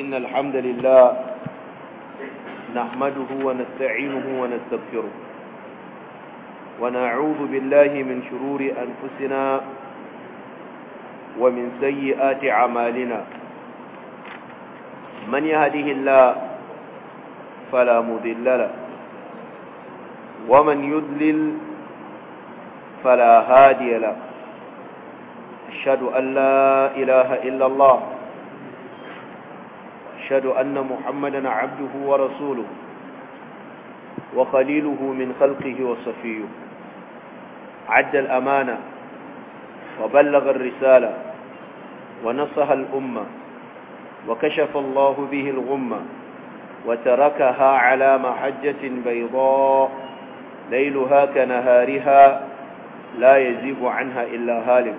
إن الحمد لله نحمده ونستعينه ونستغفره ونعوذ بالله من شرور أنفسنا ومن سيئات أعمالنا من يهده الله فلا مذل له ومن يذلل فلا هادي له أشهد أن لا إله إلا الله أشهد أن محمدا عبده ورسوله وخليله من خلقه وصفيه عد الأمانة وبلغ الرسالة ونصها الأمة وكشف الله به الغمة وتركها على محجة بيضاء ليلها كنهارها لا يزيغ عنها إلا هالك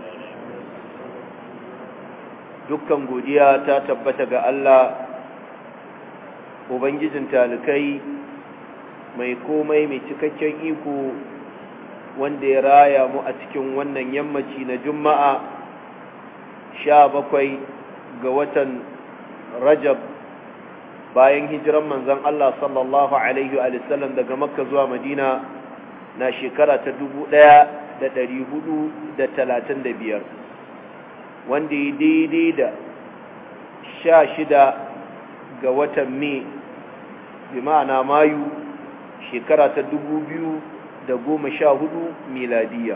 dukkan godiya ta tabbata ga Allah ubangijin talikai mai komai mai cikakken iko wanda ya raya mu a cikin wannan yammaci na juma'a sha bakwai ga watan rajab bayan hijiran manzon Allah sallallahu alaihi wa daga makka zuwa madina na shekara ta dubu ɗaya da ɗari hudu da talatin da biyar wanda ya daidai da sha shida ga watan mai bi ma'ana mayu shekara ta dubu biyu da goma sha hudu miladiya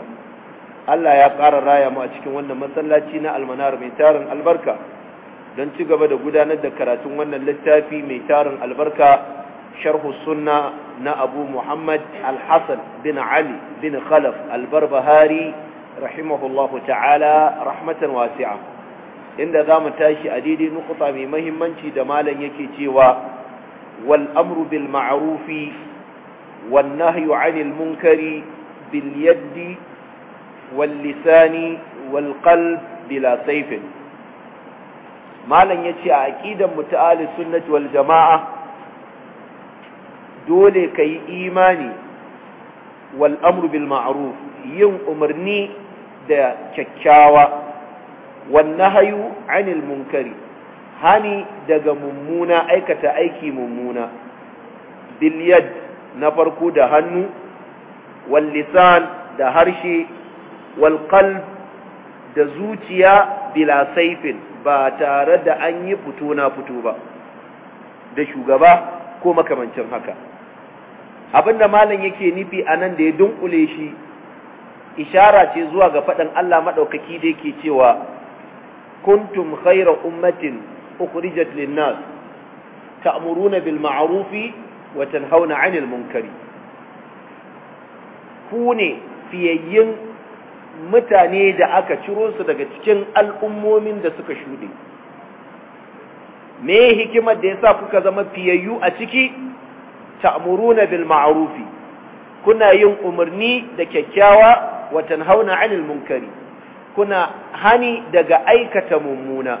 Allah ya ƙara raya mu a cikin wannan masallaci na almanar mai tarin albarka don ci gaba da gudanar da karatun wannan littafi mai tarin albarka sharhu sunna na abu muhammad al-hassan bin ali bin khalaf al-barbahari rahimahullahu ta'ala rahmatan wasi'a inda zamu tashi a daidai nukuta mai mahimmanci da malam yake cewa wal amru bil ma'rufi wan nahyu 'anil munkari bil yaddi wal lisani wal qalb bila sayfin malam yace a aqidan muta'allis sunnati wal jama'a dole kai imani wal amru bil ma'ruf yin umarni da kyakkyawa wannan anil munkari hani daga mummuna aikata aiki mummuna bilyad na farko da hannu wallisan da harshe walƙal da zuciya bila saifin ba tare da an yi fito na fito ba da shugaba ko makamancin haka abinda malam yake nufi a nan da ya dunkule shi ishara ce zuwa ga faɗin Allah maɗaukaki da yake cewa kuntum khayra ummatin ukhrijat lin-nas ta'muruna bil ma'rufi wa tanhauna 'anil munkari ku ne fiyayyin mutane da aka ciro su daga cikin al'ummomin da suka shuɗe me hikimar da yasa kuka zama fiyayyu a ciki ta'muruna bil ma'rufi kuna yin umarni da kyakkyawa وتنهون عن المنكر كنا هاني دقا أيكة ممونة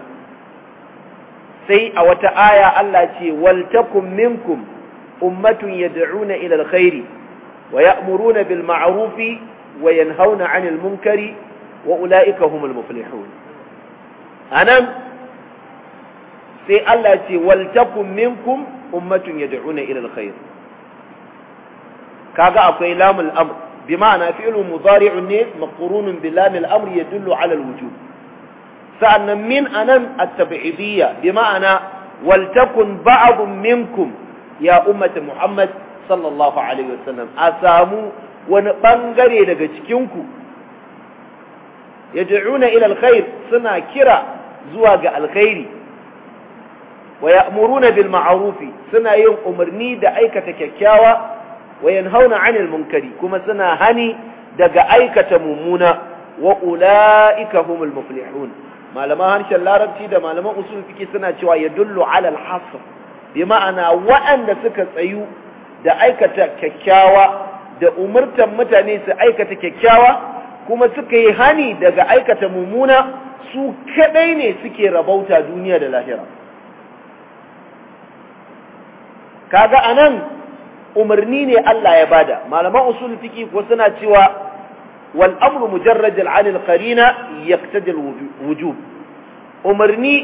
سي تا آية الله تي ولتكن منكم أمة يدعون إلى الخير ويأمرون بالمعروف وينهون عن المنكر وأولئك هم المفلحون أنا سي الله تي ولتكن منكم أمة يدعون إلى الخير كاغا أقوي لام الأمر بمعنى فعل مضارع النيل مقرون بلام الأمر يدل على الوجوب فأنا من أنا التبعيدية بمعنى ولتكن بعض منكم يا أمة محمد صلى الله عليه وسلم أسامو ونبنغري لغتكينك يدعون إلى الخير صنع كرة زواج الخير ويأمرون بالمعروف صنع يوم أمرني دعيك تككاوى wa yanhauna 'anil munkari kuma suna hani daga aikata mummuna wa ulaika humul muflihun malaman harshen larabci da malaman usul suna cewa yadullu 'ala al-hasr bi ma'ana waɗanda suka tsayu da aikata kyakkyawa da umurtan mutane su aikata kyakkyawa kuma suka yi hani daga aikata mummuna su kaɗai ne suke rabauta duniya da lahira Ka kaga anan umarni ne Allah ya bada malaman usul fiqi ko suna cewa wal amru mujarrad an al qarina yaqtadi al wujub umarni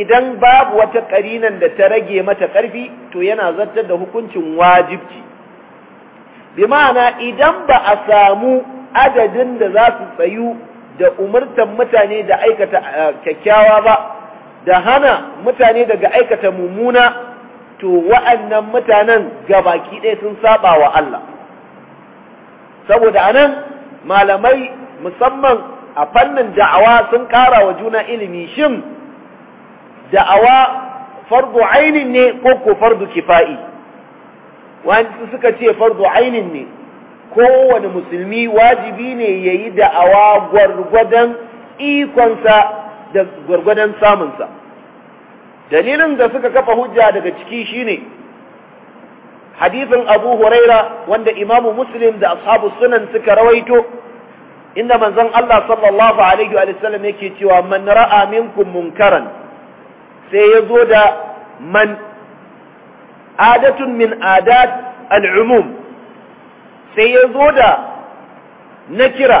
idan babu wata qarinan da ta rage mata karfi to yana zartar da hukuncin wajibci bi ma'ana idan ba a samu adadin da za su tsayu da umartan mutane da aikata eh, kyakkyawa ba da hana mutane daga aikata mummuna to wa'annan mutanen gabaki ɗaya sun saba wa Allah saboda anan malamai musamman a fannin da'awa sun ƙara wa juna ilimi shin da'awa fardu ainin ne ko ko fardu kifa'i wani suka ce fardu ainin ne kowane musulmi wajibi ne ya yi da'awa gwargwadon ikonsa da gwargwadon samunsa dalilin da suka kafa hujja daga ciki shine hadisin Abu Huraira wanda Imamu Muslim da ashabu sunan suka rawaito inda manzon Allah sallallahu alaihi wa sallam yake cewa man ra'a minkum munkaran sai ya zo da man adatun min adat al'umum sai ya zo da nakira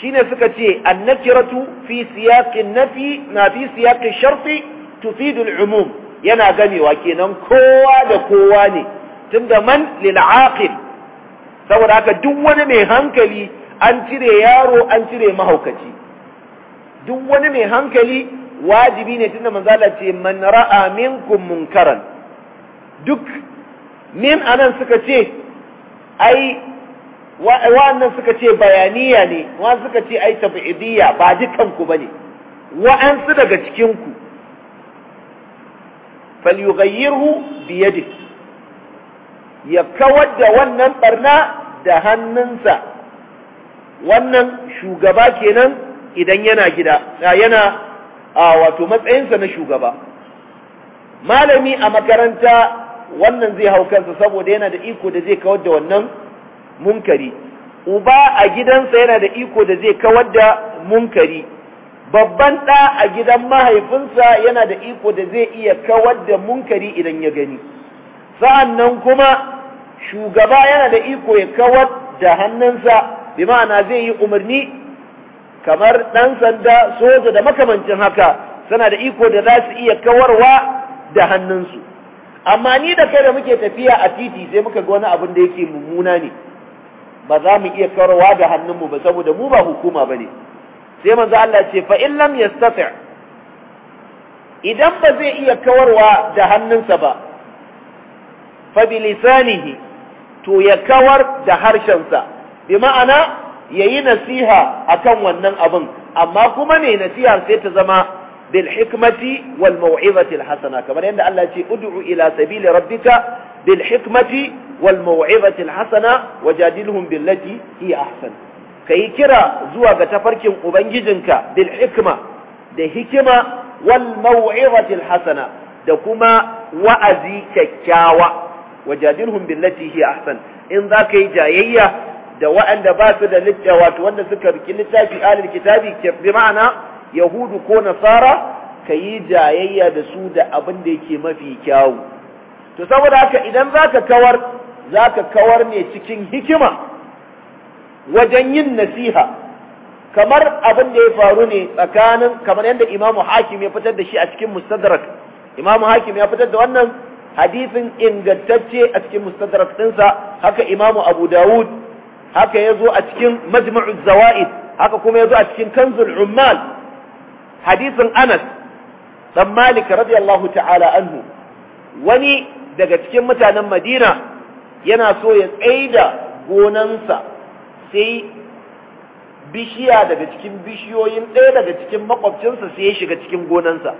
shine suka ce annakiratu fi siyaqin nafi na fi siyaqin sharti tufidul umum yana ganewa kenan kowa da kowa ne tunda man lil aqil saboda haka duk wani mai hankali an cire yaro an cire mahaukaci duk wani mai hankali wajibi ne tunda manzo Allah ce man ra'a minkum munkaran duk min anan suka ce ai wa'annan suka ce bayaniya ne wa suka ce ai tab'idiyya ba dukan ku bane wa'ansu daga cikin ku falyughayyirhu biyadihi ya kawar da wannan barna da hannunsa wannan shugaba kenan idan yana gida yana a wato matsayinsa na shugaba malami a makaranta wannan zai hau kansa saboda yana da iko da zai kawar da wannan munkari uba a gidansa yana da iko da zai kawar da munkari babban ɗa a gidan mahaifinsa yana da iko da zai iya kawar da munkari idan ya gani sa'an nan kuma shugaba yana da iko ya kawar da hannunsa bi ma'ana zai yi umarni kamar ɗan sanda soja da makamancin haka suna da iko da za su iya kawarwa da hannunsu amma ni da kai da muke tafiya a titi sai muka ga wani abin da yake mummuna ne ba za mu iya kawarwa da hannunmu ba saboda mu ba hukuma ba ne sai manzo Allah ce fa in lam yastati' idan ba zai iya kawarwa da hannunsa ba fa bi lisanihi to ya kawar da harshensa bi ma'ana yayi nasiha akan wannan abin amma kuma ne nasiha sai ta zama bil hikmati wal mau'izati al hasana kamar yadda Allah ya ce ud'u ila sabili rabbika bil hikmati wal mau'izati al hasana wajadilhum billati hiya ahsan ka yi kira zuwa ga tafarkin ubangijinka bil hikma da hikima wal mau'izatil hasana da kuma wa'azi kyakkyawa wajadilhum billati hi ahsan in za ka yi jayayya da waɗanda ba su da littafi wato wanda suka riki littafi alil kitabi bi ma'ana yahudu ko nasara ka yi jayayya da su da abin da yake mafi kyawu to saboda haka idan za ka kawar za ka kawar ne cikin hikima wajen yin nasiha kamar abin da ya faru ne tsakanin kamar yadda imamu hakim ya fitar da shi a cikin mustadrak imamu hakim ya fitar da wannan hadisin ingantacce a cikin mustadrak ɗinsa haka imamu abu dawud haka ya zo a cikin majma'u zawa'id haka kuma ya zo a cikin kanzul ummal hadisin anas dan malik radiyallahu ta'ala anhu wani daga cikin mutanen madina yana so ya tsaida gonansa sai bishiya daga cikin bishiyoyin ɗaya daga cikin makwabcinsa sai ya shiga cikin gonansa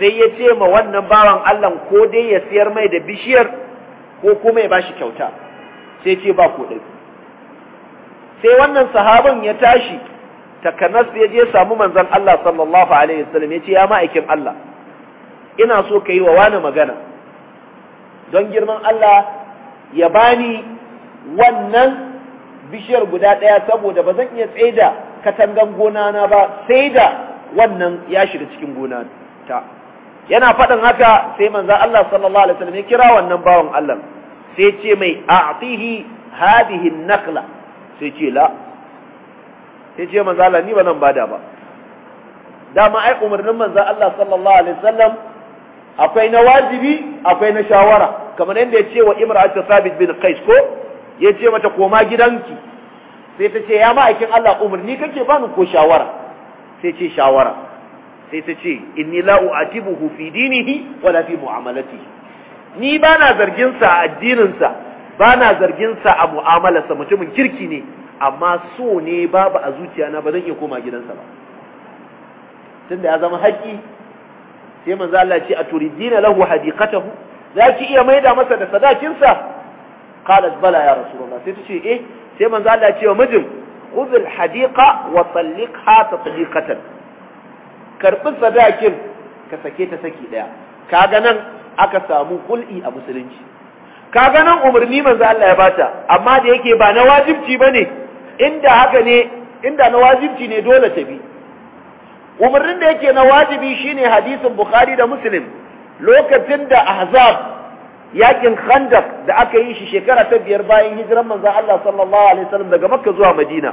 sai ya ce ma wannan bawan Allah ko dai ya siyar mai da bishiyar ko kuma ya bashi kyauta sai ce ba ko ɗai sai wannan sahabin ya tashi takanas ya je samu manzan Allah sallallahu alaihi wasallam ya ce ya ma'aikin Allah ina so ka yi wa wani magana don girman Allah ya bani wannan bishiyar guda ɗaya saboda ba zan iya tsaida katangan gona na ba sai da wannan ya shiga cikin gona ta yana faɗin haka sai manzo Allah sallallahu alaihi wasallam ya kira wannan bawan Allah sai ce mai a'tihi hadhihi an-naqla sai ce la sai ce manzo Allah ni ba nan bada ba dama ai umarnin manzo Allah sallallahu alaihi wasallam akwai na wajibi akwai na shawara kamar yadda ya ce wa imra'atu sabit bin qais ko ya ce mata koma gidanki sai ta ce ya ma'aikin Allah umar umarni kake bani ko shawara sai ce shawara sai ta ce inni la u'atibuhu fi dinihi wala fi mu'amalatihi ni bana zargin sa a addinin sa bana zargin sa a mu'amalarsa mutumin kirki ne amma so ne babu a zuciya na ba zan iya koma gidansa ba tunda ya zama haƙi sai manzo Allah ce aturidina lahu hadiqatahu zaki iya maida masa da sadakin sa. qalat bala ya rasulullah sai tace eh sai manzo Allah ya ce wa mijin khudh al hadiqa wa talliqha tatliqatan karbi sadakin ka sake ta saki daya kaga nan aka samu kul'i a musulunci kaga nan umarni manzo Allah ya bata amma da yake ba na wajibci bane inda haka ne inda na wajibci ne dole ta bi umarnin da yake na wajibi shine hadisin bukhari da muslim lokacin da ahzab yakin khandak da aka yi shi shekara ta biyar bayan hijiran manzon Allah sallallahu alaihi wasallam daga makka zuwa madina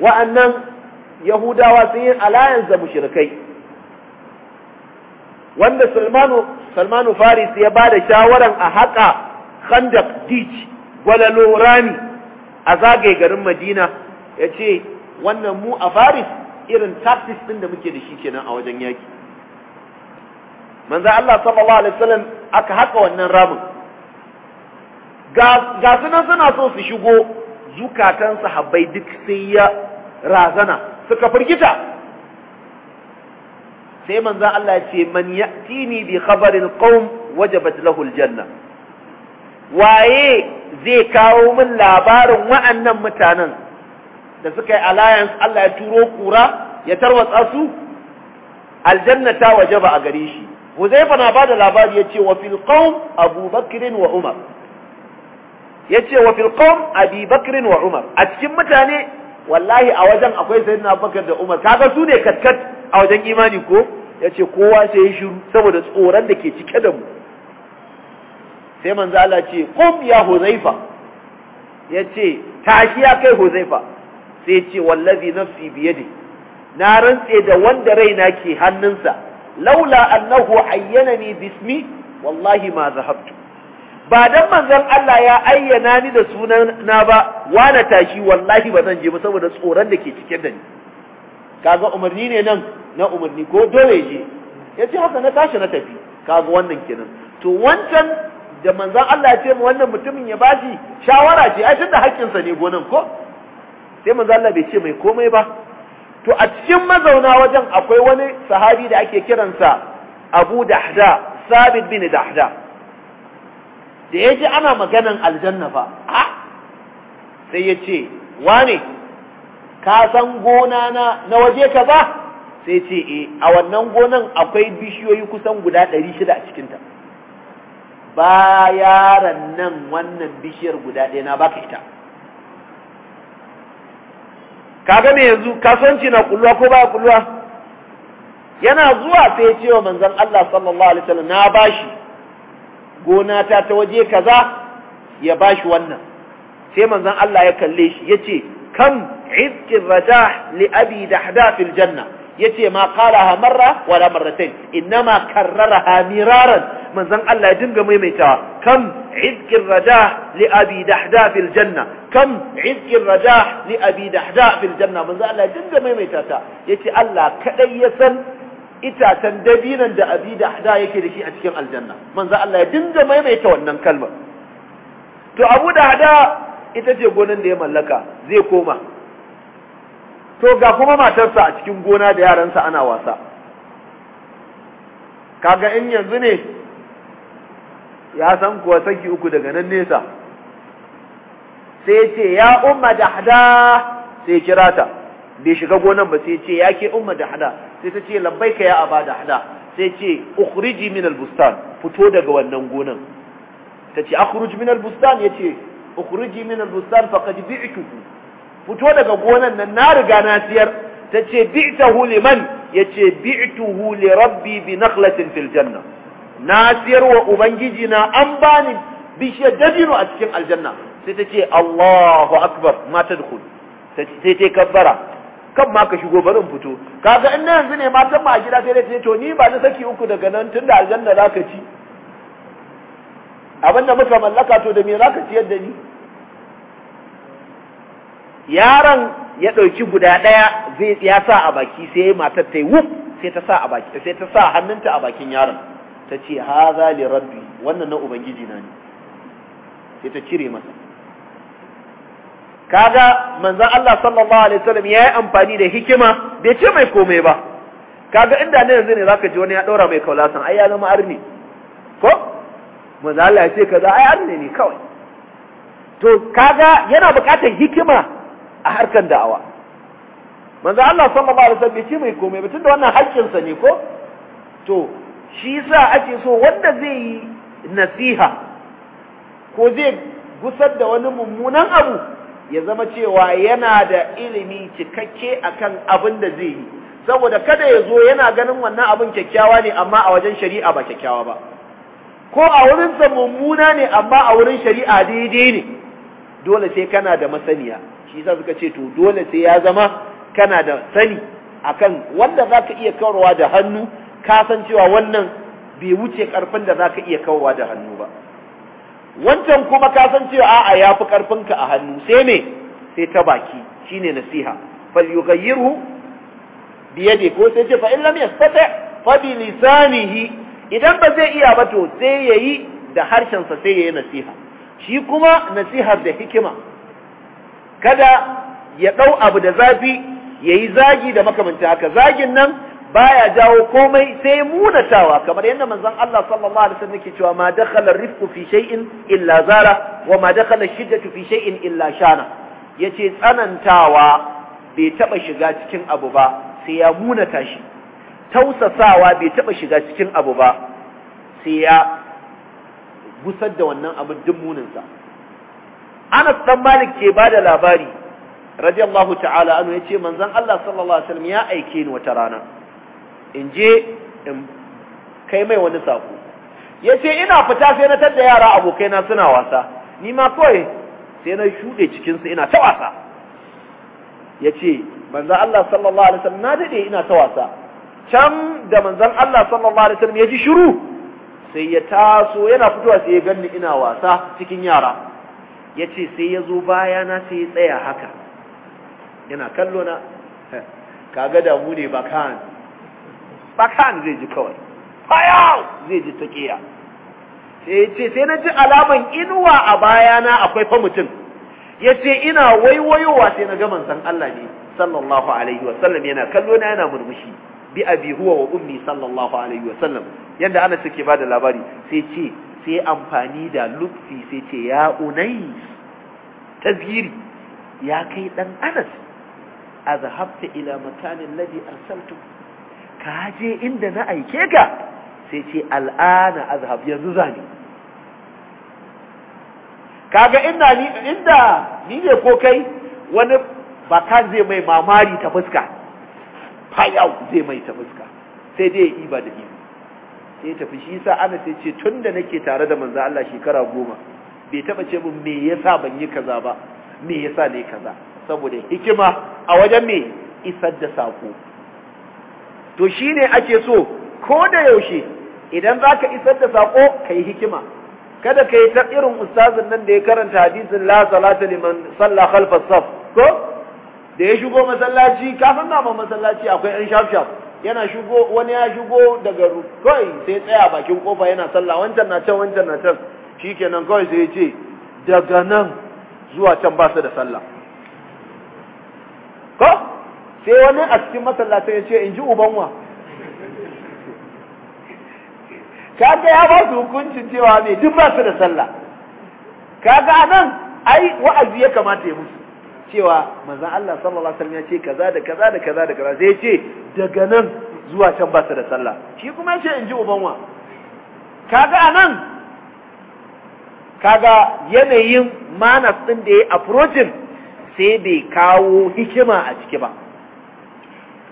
wa'annan yahudawa sun yi alliance da mushrikai wanda Salmanu Salmanu Faris ya ba da shawaran a haƙa khandaq dich gwalalo rami a zagaye garin Madina ya ce wannan mu a Faris irin tactics ɗin da muke da shi kenan a wajen yaki manzo Allah sallallahu alaihi wasallam aka haka wannan ramin ga sunan suna so su shigo zukatan sahabbai duk sai ya razana suka firgita sai manzo Allah ya ce man ya'tini bi khabaril qaum wajabat lahu aljanna waye zai kawo min labarin wa'annan mutanen da suka yi alliance Allah ya turo kura ya tarwatsa su aljanna ta wajaba a gare shi Huzaifa na bada labari yace wa fil qawm Abu Bakr wa Umar yace wa fil qawm Abi Bakr wa Umar a cikin mutane wallahi a wajen akwai sayyidina bakar da Umar kaga su ne katkat a wajen imani ko yace kowa sai ya shiru saboda tsoron da ke cike da mu sai manzo Allah ce qum ya Huzaifa yace tashi ya kai Huzaifa sai yace wallazi nafsi biyadi na rantse da wanda raina ke hannunsa laula annahu ayyanani bismi wallahi ma zahabtu ba dan manzon Allah ya ayyana ni da sunan na ba wana tashi wallahi ba zan je ba saboda tsoron da ke cikin da ni kaga umarni ne nan na umarni ko dole je yace haka na tashi na tafi kaga wannan kenan to wancan da manzon Allah ya ce mu wannan mutumin ya bashi shawara ce ai tunda hakkin ne gonan ko sai manzon Allah bai ce mai komai ba to a cikin mazauna wajen akwai wani sahabi da ake kiransa abu dahda sabit bin dahda da ya ji ana maganan aljanna fa a sai ya ce wane ka san gona na na waje ka ba sai ce e a wannan gonan akwai bishiyoyi kusan guda ɗari shida a cikinta ba yaran nan wannan bishiyar guda ɗaya na baka ita kaga me yanzu kasuwanci na kulluwa ko baya kulluwa yana zuwa sai ya ce wa manzon Allah sallallahu alaihi wasallam na bashi gona ta ta waje kaza ya bashi wannan sai manzon Allah ya kalle shi yace kam izkir rajah li abi dahda fil janna Ya ce ma qalaha marra wala marratayn innama karraraha miraran manzon Allah ya dinga maimaitawa kam izkir rajah li abi dahda fil janna kam izkir rajah li abi dahda fil janna manzon Allah ya dinga maimaita ta yace Allah kadai ya san itatan dabinan da abi dahda yake da a cikin aljanna manzon Allah ya dinga maimaita wannan kalmar to abu dahda ita ce gonan da ya mallaka zai koma to ga kuma matarsa a cikin gona da yaransa ana wasa kaga in yanzu ne ya san kuwa saki uku daga nan nesa sai ce ya umma da hada sai kira ta bai shiga gonan ba sai ce ya ke umma da hada sai ta ce ka ya abada hada sai ce ukhriji min albustan fito daga wannan gonan ta ce akhruj min albustan yace ukhriji min albustan faqad bi'tuhu fito daga gonan nan na riga na siyar ta ce bi'tahu liman ya ce bi'tuhu huli rabbi bi nakhlatin fil janna na siyar wa ubangiji na an bani bishiyar dabino a cikin aljanna sai ta ce Allahu akbar ma tadkhul sai ta kabbara kan ma ka shigo barin fito kaga in yanzu ne matan ma a gida sai dai to ni ba na saki uku daga nan da aljanna ka ci abinda muka mallaka to da me zaka ciyar da ni yaron ya ɗauki guda ɗaya zai ya sa a baki sai matar ta yi wuf sai ta sa a baki sai ta sa hannunta a bakin yaron ta ce haza li rabbi wannan na ubangiji na ne sai ta cire masa kaga manzon Allah sallallahu alaihi wasallam yayi amfani da hikima bai ce mai komai ba kaga inda ne yanzu ne zaka ji wani ya daura mai kaulasan ai ya zama arni ko manzon Allah ya ce kaza ai arni ne kawai to kaga yana bukatar hikima a harkar da'awa manzo Allah sallallahu alaihi wasallam ce mai komai ba tunda wannan haƙƙin sa ne ko to shi yasa ake so wanda zai yi nasiha ko zai gusar da wani mummunan abu ya zama cewa yana da ilimi cikakke akan abin da zai yi saboda kada ya zo yana ganin wannan abin kyakkyawa ne amma a wajen shari'a ba kyakkyawa ba ko a wurin sa mummuna ne amma a wurin shari'a daidai ne dole sai kana da masaniya shi yasa suka ce to dole sai ya zama kana da sani akan wanda zaka iya kawarwa da hannu ka san cewa wannan bai wuce karfin da zaka iya kawarwa da hannu ba wancan kuma ka san cewa a'a yafi karfin ka a hannu sai me sai ta baki shine nasiha bi yadi ko sai ce fa in lam yastati fa bi lisanihi idan ba zai iya ba to sai yayi da harshen sa sai yayi nasiha shi kuma nasihar da hikima kada ya ɗau abu da zafi ya yi zagi da makamanta haka zagin nan baya jawo komai sai munatawa kamar yadda manzon Allah sallallahu alaihi wasallam yake cewa ma dakhala rifqu fi shay'in illa zara wa ma dakhala shiddatu fi shay'in illa shana yace tsanantawa bai taba shiga cikin abu ba sai ya munata shi tausasawa bai taba shiga cikin abu ba sai ya gusar da wannan abin duk muninsa Anas dan Malik ke bada labari radiyallahu ta'ala anhu yace manzon Allah sallallahu alaihi wasallam ya aike ni wata rana in je in kai mai wani sako yace ina fita sai na tada yara abokaina suna wasa ni ma kawai sai na shude cikin su ina ta wasa yace manzon Allah sallallahu alaihi wasallam na dade ina ta wasa can da manzon Allah sallallahu alaihi wasallam ya ji shiru sai ya taso yana fitowa sai ya ganni ina wasa cikin yara ya ce sai ya zo na sai ya tsaya haka yana kallo na kaga damu ne bakan bakan zai ji kawai fayau zai ji ta ƙera sai ce sai na ji alaman inuwa a baya na akwai fa mutum ya ce ina waiwayowa sai na ga manzon Allah ne sallallahu alaihi wasallam yana kallo na yana murmushi bi abi huwa wa ummi sallallahu alaihi wasallam yanda ana suke bada labari sai ce sai amfani da lufi sai ce ya unai ziri ya kai dan anas zahabta ila makanin ladhi arsaltu ka je inda na aike ka sai ce al'ana a zahab yanzu zane kaga inda ni inda ni ne ko kai wani bakan zai mai mamari ta fuska fayau zai mai ta fuska sai dai iba da iba sai tafi shi sa ana sai ce tun da nake tare da manzo Allah shekara goma bai taba ce mun me yasa ban yi kaza ba me yasa ne kaza saboda hikima a wajen me isar da sako to shine ake so ko da yaushe idan zaka isar da sako kai hikima kada kai ta irin ustazin nan da ya karanta hadisin la salata liman salla khalfa saf ko da ya shigo masallaci kafin na masallaci akwai an shaf shaf yana shigo wani ya shigo daga kai sai tsaya bakin kofa yana sallah wancan na can wancan na can shikenan kawai sai ya daga nan zuwa can ba su da sallah ko sai wani a cikin masallaci ya ce in ji ubanwa kaga ya ba su hukuncin cewa ne duk ba su da sallah kaga nan ai wa'azi ya kamata ya musu cewa manzon Allah sallallahu alaihi wasallam ya ce kaza da kaza da kaza da kaza sai ya ce daga nan zuwa can ba su da sallah shi kuma ya ce in ji ubanwa kaga anan kaga yanayin manas ɗin da ya approaching sai bai kawo hikima a ciki ba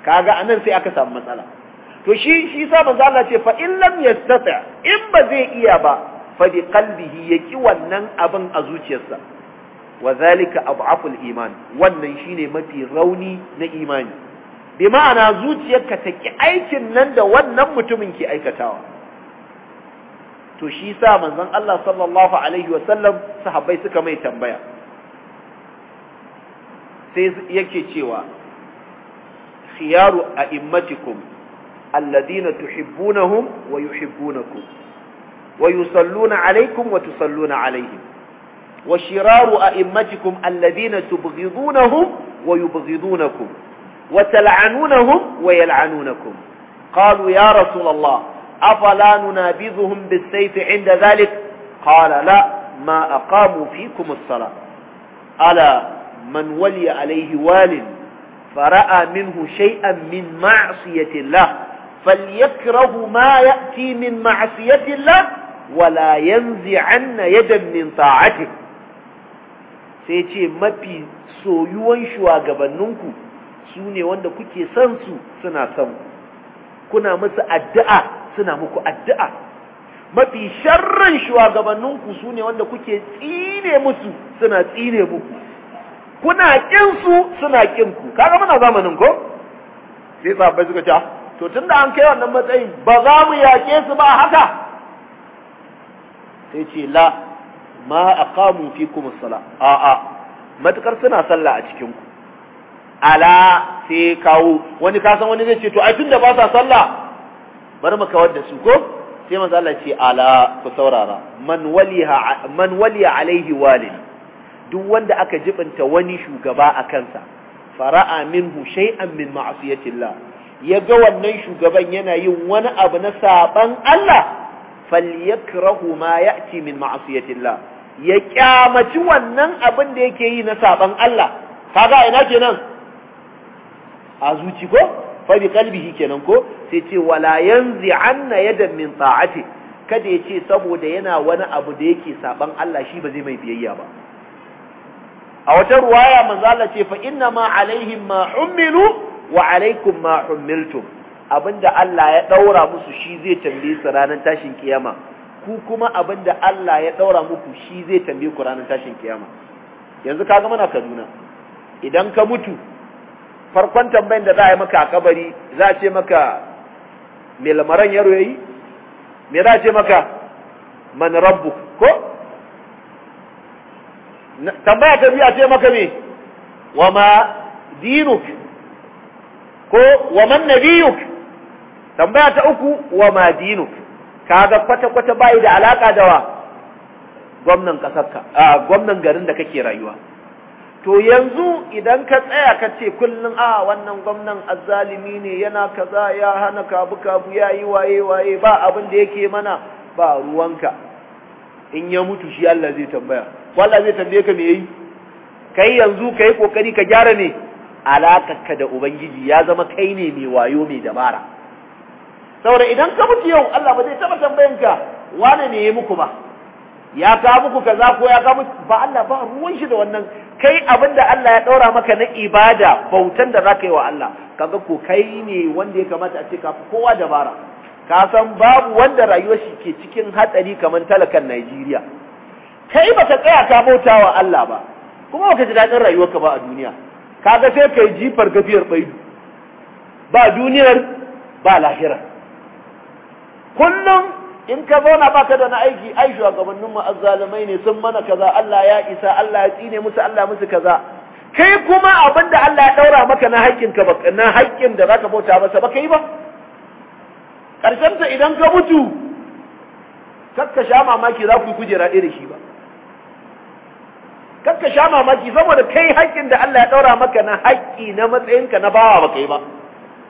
kaga anan sai aka samu matsala to shi shi sa manzo Allah ce fa in lam yastata in ba zai iya ba fa bi qalbihi yaki wannan abin a zuciyarsa wa zalika ab'aful iman wannan shine mafi rauni na imani bi ma'ana zuciyarka ta ki aikin nan da wannan mutumin ke aikatawa to shi sa manzon Allah sallallahu alaihi wa sallam sahabbai suka mai tambaya sai yake cewa khiyaru a'immatikum alladhina tuhibbunahum wa yuhibbunakum wa yusalluna alaikum wa tusalluna alaihim وشرار أئمتكم الذين تبغضونهم ويبغضونكم وتلعنونهم ويلعنونكم قالوا يا رسول الله أفلا ننابذهم بالسيف عند ذلك قال لا ما أقاموا فيكم الصلاة ألا من ولي عليه وال فرأى منه شيئا من معصية الله فليكره ما يأتي من معصية الله ولا ينزعن يدا من طاعته sai ce mafi soyuwan shugabanninku su ne wanda kuke son su suna son ku kuna musu addu'a suna muku addu'a mafi sharran shugabanninku su ne wanda kuke tsine musu suna tsine muku kuna ƙinsu suna kin ku kaga muna zamanin ko sai sahabbai suka ce ah, to tun da an kai wannan matsayin ba za mu yake su ba haka sai ce la ma aqamu fikum as-sala A'a a matukar suna sallah a cikin ku ala sai kawo wani ka san wani zai ce to ai tunda ba sa sallah bar mu kawar da su ko sai manzo Allah ce ala ku saurara man waliha man waliya alaihi walid duk wanda aka jibinta wani shugaba a kansa fara'a minhu shay'an min ma'asiyatillah ya ga wannan shugaban yana yin wani abu na saban Allah falyakrahu ma ya'ti min ma'asiyatillah ya kyamaci wannan abin da yake yi na saban Allah kaga ina kenan a zuci ko fa bi qalbihi kenan ko sai ce wala yanzi anna yadan min ta'ati kada ya ce saboda yana wani abu da yake saban Allah shi ba zai mai biyayya ba a wata ruwaya manzo Allah ce fa inna ma alaihim ma ummilu wa alaikum ma ummiltum abinda Allah ya daura musu shi zai tambaye su ranar tashin kiyama ku kuma abin da Allah ya ɗaura muku shi zai tambi ku ranar tashin kiyama yanzu kaga mana Kaduna idan ka mutu farkon tambayin da za a yi maka a kabari za a ce maka me lamaran yaro yayi me za a ce maka man rabbu ko tambaya ta biya ce maka me wa ma dinuk ko wa man nabiyuk tambaya ta uku wa ma dinuk kaga kwata-kwata bai da alaka da wa gwamnan kasarka a gwamnan garin da kake rayuwa to yanzu idan ka tsaya ka ce kullum a wannan gwamnan azzalimi ne yana kaza ya hana kabu kabu ya yi waye waye ba abin da yake mana ba ruwanka in ya mutu shi Allah zai tambaya ko zai tambaye ka me yayi kai yanzu kai kokari ka gyara ne alakarka da ubangiji ya zama kai ne mai wayo mai dabara saboda idan ka mutu yau Allah ba zai taba tambayan ka wane ne ya muku ba ya ka muku kaza ko ya ka muku ba Allah ba ruwan shi da wannan kai abinda Allah ya daura maka na ibada bautan da zaka yi wa Allah kaga ko kai ne wanda ya kamata a ce ka kowa dabara ka san babu wanda rayuwar shi ke cikin hatsari kamar talakan Najeriya kai ka tsaya ka bauta wa Allah ba kuma ba ka ji dadin rayuwarka ba a duniya kaga sai kai jifar gafiyar baidu ba duniyar ba lahira kullum in ka zauna baka da na aiki ai shugabannin mu azzalumai ne sun mana kaza Allah ya isa Allah ya tsine musu Allah musu kaza kai kuma abin da Allah ya daura maka na haƙƙin ka na haƙƙin da zaka bauta masa ba kai ba karshen idan ka mutu kakka sha mamaki za ku yi kujera ɗaya da shi ba kakka sha mamaki saboda kai haƙƙin da Allah ya daura maka na haƙƙi na matsayinka na bawa ba kai ba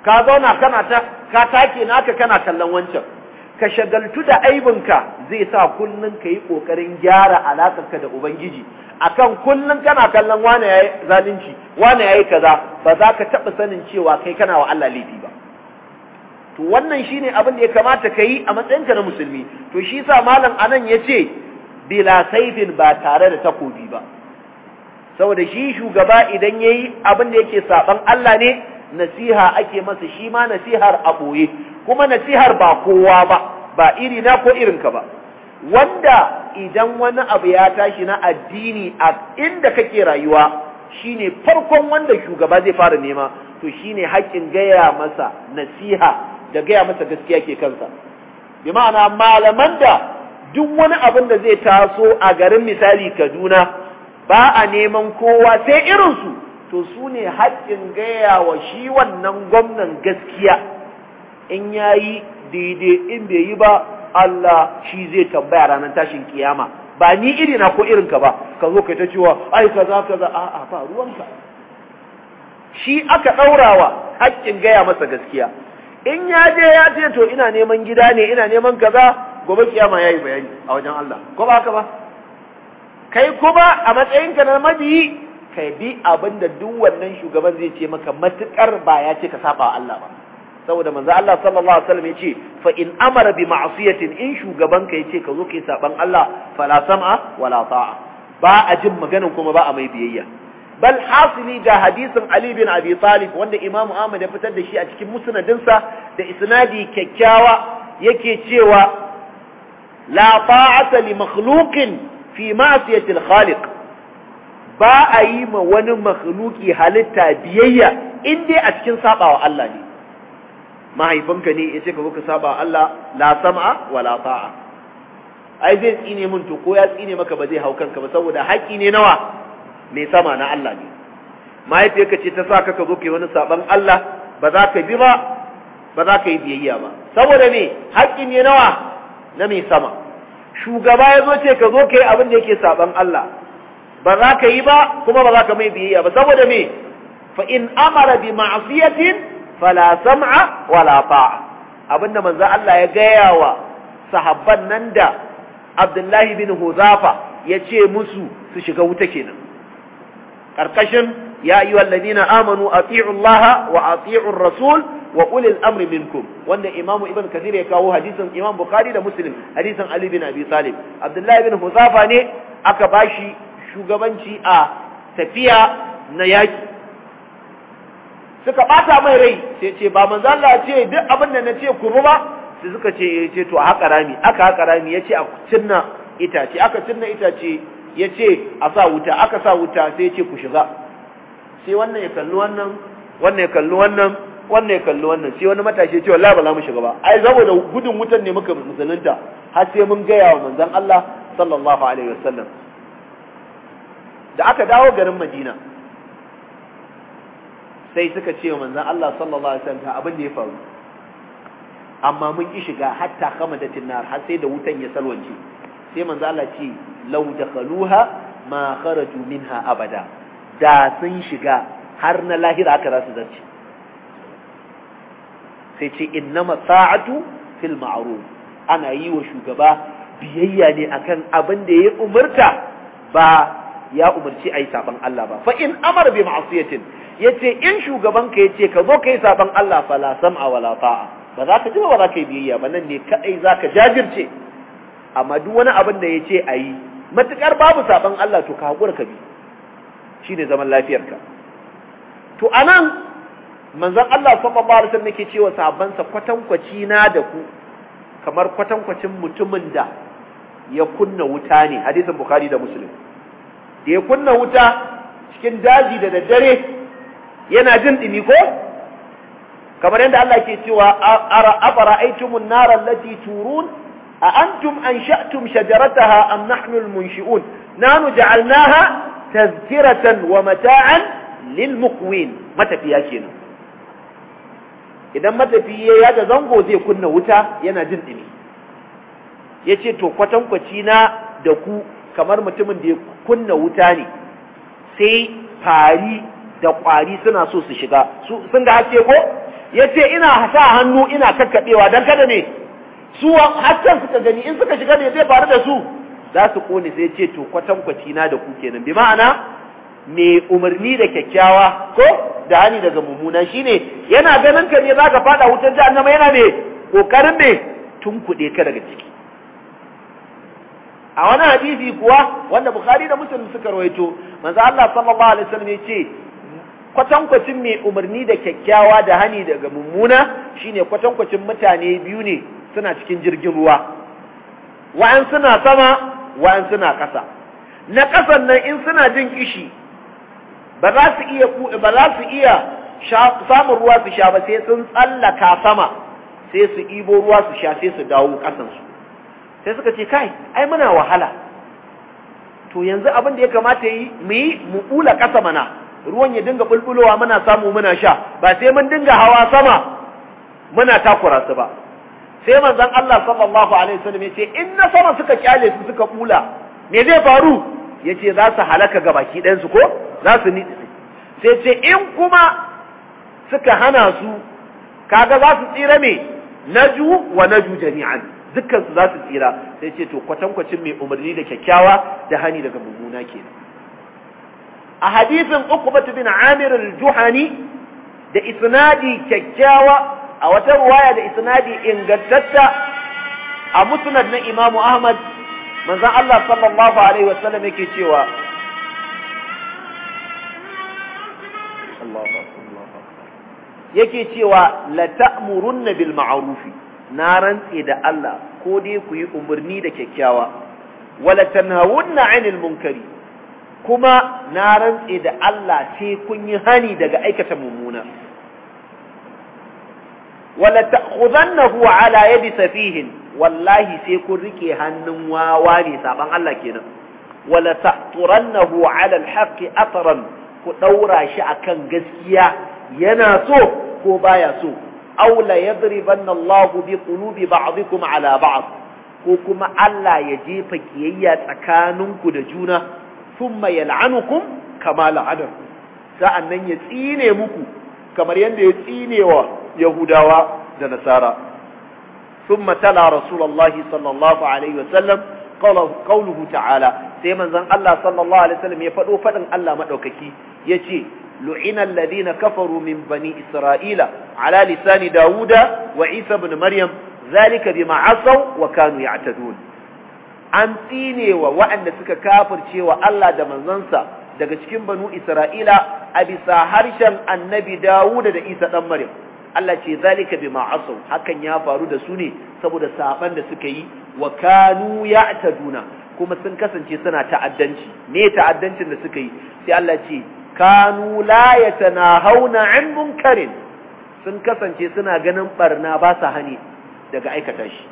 ka zauna kana ta ka take naka kana kallon wancan ka shagaltu da aibinka zai sa kullun ka yi ƙoƙarin gyara alaƙarka da Ubangiji akan kullun kana kallon wane ya yi zalunci wane ya yi kaza ba za ka taɓa sanin cewa kai kana wa Allah laifi ba to wannan shi ne abin da ya kamata ka yi a matsayinka na musulmi to shi sa malam anan ya ce bila saifin ba tare da takobi ba saboda shi shugaba idan ya yi abin da yake saɓan Allah ne nasiha ake masa shi ma nasihar a ɓoye kuma nasihar ba kowa ba ba iri na ko irinka ba wanda idan wani abu ya tashi na addini a inda kake rayuwa shine farkon wanda shugaba zai fara nema to shine haƙin gaya masa nasiha da gaya masa gaskiya ke kansa bi ma'ana malaman da duk wani abin da zai taso a garin misali Kaduna ba a neman kowa sai irinsu to su ne haƙƙin gaya wa shi wannan gwamnan gaskiya in yayi daidai in bai yi ba Allah shi zai tambaya ranar tashin kiyama ba ni iri na ko irinka ba ka zo ka ta cewa ai za a a ba ruwanka shi aka daurawa haƙƙin gaya masa gaskiya in ya je ya ce to ina neman gida ne ina neman kaza gobe kiyama yayi bayani a wajen Allah ko ba haka ba kai kuma a matsayinka na mabiyi kai bi abinda duk wannan shugaban zai ce maka matukar ba ya ce ka saba Allah ba saboda manzo Allah sallallahu alaihi wasallam yace fa in amara bi ma'siyatin in shugaban ka yace ka zo kai saban Allah fala sam'a wala ta'a ba a jin maganar kuma ba a mai biyayya bal hasili ga hadisin Ali bin Abi Talib wanda Imam Ahmad ya fitar da shi a cikin musnadinsa da isnadi kyakkyawa yake cewa la ta'ata li makhluqin fi ma'siyati khaliq ba a yi ma wani makhluki halitta biyayya in dai a cikin sabawa Allah ne mahaifinka ne yace ka zo ka saba Allah la sam'a la ta'a ai zai tsine mun to ko ya tsine maka ba zai hau kanka ba saboda haƙi ne nawa mai sama na Allah ne mahaifiyarka ce ta sa ka ka zo wani saban Allah ba za ka bi ba ba za ka yi biyayya ba saboda me haƙƙi ne nawa na mai sama shugaba ya zo ce ka zo ka yi abin da yake saban Allah ba za ka yi ba kuma ba za ka mai biyayya ba saboda me fa in amara bi ma'siyatin fala sam'a wala ta'a abinda manzo Allah ya gaya wa sahabban nan da Abdullahi bin Huzafa ya ce musu su shiga wuta kenan karkashin ya ayyuhal ladina amanu ati'u Allah wa ati'u rasul wa ulil amri minkum wanda Imam Ibn Kathir ya kawo hadisin Imam Bukhari da Muslim hadisin Ali bin Abi Talib Abdullahi bin Huzafa ne aka bashi shugabanci a tafiya na yaki suka bata mai rai sai ce ba manzo Allah ce duk abin da nace ku bi ba sai suka ce eh ce to haka rami aka haka rami yace a cinna itace aka cinna itace yace a sa wuta aka sa wuta sai yace ku shiga sai wannan ya kalli wannan wannan ya kalli wannan wannan ya kalli wannan sai wani matashi ya ce wallahi ba za mu shiga ba ai saboda gudun wutan ne muka musulunta har sai mun gaya wa manzon Allah sallallahu alaihi wasallam da aka dawo garin Madina sai suka ce wa manzon Allah sallallahu alaihi wasallam abin da ya faru amma mun ki shiga hatta da nar har sai da wutan ya salwance sai manzon Allah ce lauda kaluha ma kharaju minha abada da sun shiga har na lahira aka za su zarce sai ce inna masa'atu fil ma'ruf ana yi wa shugaba biyayya ne akan abin da ya umarta ba ya umarci a yi saban Allah ba fa in amar bi ma'asiyatin yace in shugaban ka ce ka zo ka yi saban Allah fala sam'a wala ta'a ba za ka ji ba za ka yi biyayya ba nan ne kadai za ka jajirce amma duk wani abin da ya ce a yi matukar babu saban Allah to ka hakura ka bi shine zaman lafiyar ka to anan manzon Allah sallallahu alaihi wasallam yake cewa sabansa kwatankwaci na da ku kamar kwatankwacin mutumin da ya kunna wuta ne hadisin bukhari da muslim da ya kunna wuta cikin daji da daddare yana jin dumi ko kamar yadda Allah ke cewa afara aitumun nara allati turun a antum ansha'tum shajarataha am nahnu almunshi'un nanu ja'alnaha tazkiratan wa mata'an lil muqwin matafiya kenan idan matafiya ya ga zango zai kunna wuta yana jin dumi yace to kwatankwaci na da ku kamar mutumin da ya kunna wuta ne sai fari da kwari suna so su shiga sun ga haske ko yace ina sa hannu ina kakkaɓewa don kada ne su hasken suka gani in suka shiga ne zai faru da su za su kone sai ce to kwatankwaci na da ku kenan bi ma'ana mai umarni da kyakkyawa ko da hani daga mummuna shine yana ganin ka ne wutan fada wutar ma yana ne kokarin ne tunkuɗe ka daga ciki a wani hadisi kuwa wanda bukhari da muslim suka rawaito manzo Allah sallallahu alaihi wasallam ya ce kwatankwacin mai umarni da kyakkyawa da hani daga mummuna shine kwatankwacin mutane biyu ne suna cikin jirgin ruwa wa'an suna sama wa'an suna ƙasa na ƙasan nan in suna jin kishi ba za su iya ba za su iya samun ruwa su sha ba sai sun tsallaka sama sai su ibo ruwa su sha sai su dawo ƙasansu. su sai suka ce kai ai muna wahala to yanzu abin da ya kamata yi mu yi mu ƙula ƙasa mana ruwan ya dinga bulbulowa muna samu muna sha ba sai mun dinga hawa sama muna takura su ba sai manzon Allah sallallahu alaihi wasallam yace in na sama suka kyale su suka kula me zai faru yace za su halaka ga baki ɗayan su ko za su ni sai ce in kuma suka hana su kaga za su tsira me naju wa naju jami'an dukkan su za su tsira sai ce to kwatankwacin mai umarni da kyakkyawa da hani daga mummuna kenan a hadisin uqbat bin amir al-juhani da isnadi kyakkyawa a wata ruwaya da isnadi ingantatta a musnad na imamu ahmad manzon Allah sallallahu alaihi sallam, yake cewa yake cewa la ta'murunna bil ma'rufi na rantse da Allah ko dai ku yi umarni da kyakkyawa wala tanhawunna 'anil munkari kuma na rantse da Allah sai kun yi hani daga aikata mummuna wala ta'khudannahu ala yadi safihin wallahi sai kun rike hannun wawa ne saban Allah kenan wala ta'turannahu ala alhaqi atran ku daura shi akan gaskiya yana so ko baya so aw la yadribanna Allahu bi qulubi ba'dikum ala ba'd ko kuma Allah ya jefa kiyayya tsakaninku da juna thumma yal'anukum kama la'anakum sa'an nan ya tsine muku kamar yadda ya tsinewa yahudawa da nasara thumma tala rasulullahi sallallahu alaihi wasallam qawluhu ta'ala sai manzon Allah sallallahu alaihi ya fado fadin Allah madaukaki yace lu'ina alladhina kafaru min bani isra'ila ala lisani dauda wa isa ibn maryam zalika bima asaw wa kanu ya'tadun an tsinewa waɗanda suka kafirce wa Allah da manzansa daga cikin banu Isra'ila a bisa harshen annabi Dawuda da Isa ɗan Maryam. Allah ce zalika bima asaw hakan ya faru da su ne saboda saban da suka yi wa kanu duna. kuma sun kasance suna ta'addanci me ta'addancin da suka yi sai Allah ce kanu la yatanahawna 'an munkarin sun kasance suna ganin barna ba sa hani daga aikata shi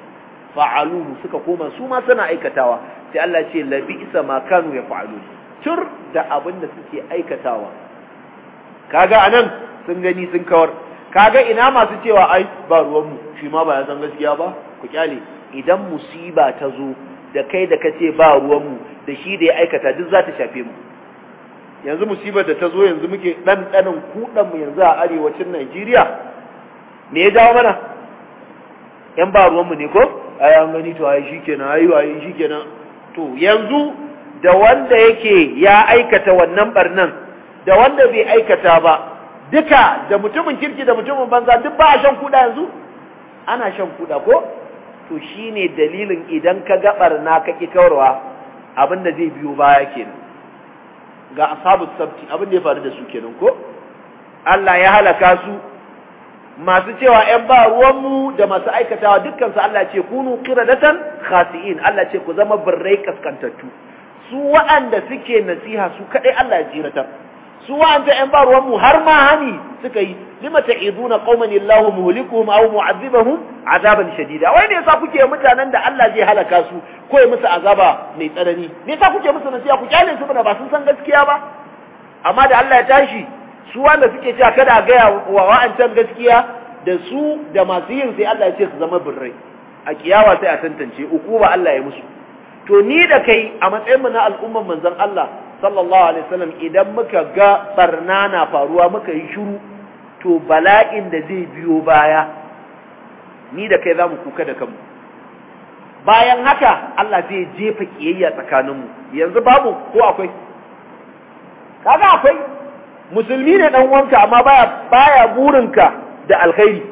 fa'aluhu suka koma su ma suna aikatawa sai Allah ce labisa ma kanu yaf'alun tur da abin da suke aikatawa kaga anan sun gani sun kawar kaga ina masu cewa ai ba ruwan mu shi ma ba ya san gaskiya ba ku kyale idan musiba ta zo da kai da kace ba ruwan mu da shi da ya aikata duk za ta shafe mu yanzu musibar da ta zo yanzu muke ɗanɗanin mu yanzu a arewacin Najeriya me ya jawo mana ‘yan ba ruwanmu ne ko ayan gani to ayi shikenan ayi ai shikenan to yanzu da wanda yake ya aikata wannan barnan da wanda bai aikata ba duka da mutumin kirki da mutumin banza duk ba a shan kuda yanzu ana shan kuda ko to shine dalilin idan ka ga barna ka ki kawarwa abin zai biyo baya kenan ga ashabus sabti abin da ya faru da su kenan ko Allah ya halaka su masu cewa ‘yan ba ruwanmu da masu aikatawa dukkansu Allah ce kunu kiradatan khasi'in Allah ce ku zama birrai kaskantattu su wa'anda suke nasiha su kaɗai Allah ya jiratar su wa'anda ‘yan ba ruwanmu har ma hani suka yi lima ta izuna qauman illahu muhlikuhum aw mu'azzibahum azaban shadida wai ne yasa kuke mutanen da Allah zai halaka su ko ya musu azaba mai tsanani ne yasa kuke musu nasiha ku kyale su ba sun san gaskiya ba amma da Allah ya tashi su wanda suke cewa kada a gaya wa wa'ancan gaskiya da su da masu yin sai Allah ya ce su zama birrai a kiyawa sai a tantance uku ba Allah ya musu to ni da kai a matsayin mu na al'umman manzon Allah sallallahu alaihi wasallam idan muka ga barna na faruwa muka yi shiru to bala'in da zai biyo baya ni da kai zamu kuka da kanmu bayan haka Allah zai jefa kiyayya tsakaninmu yanzu babu ko akwai kaga akwai musulmi ne dan uwanka amma baya baya ka da alkhairi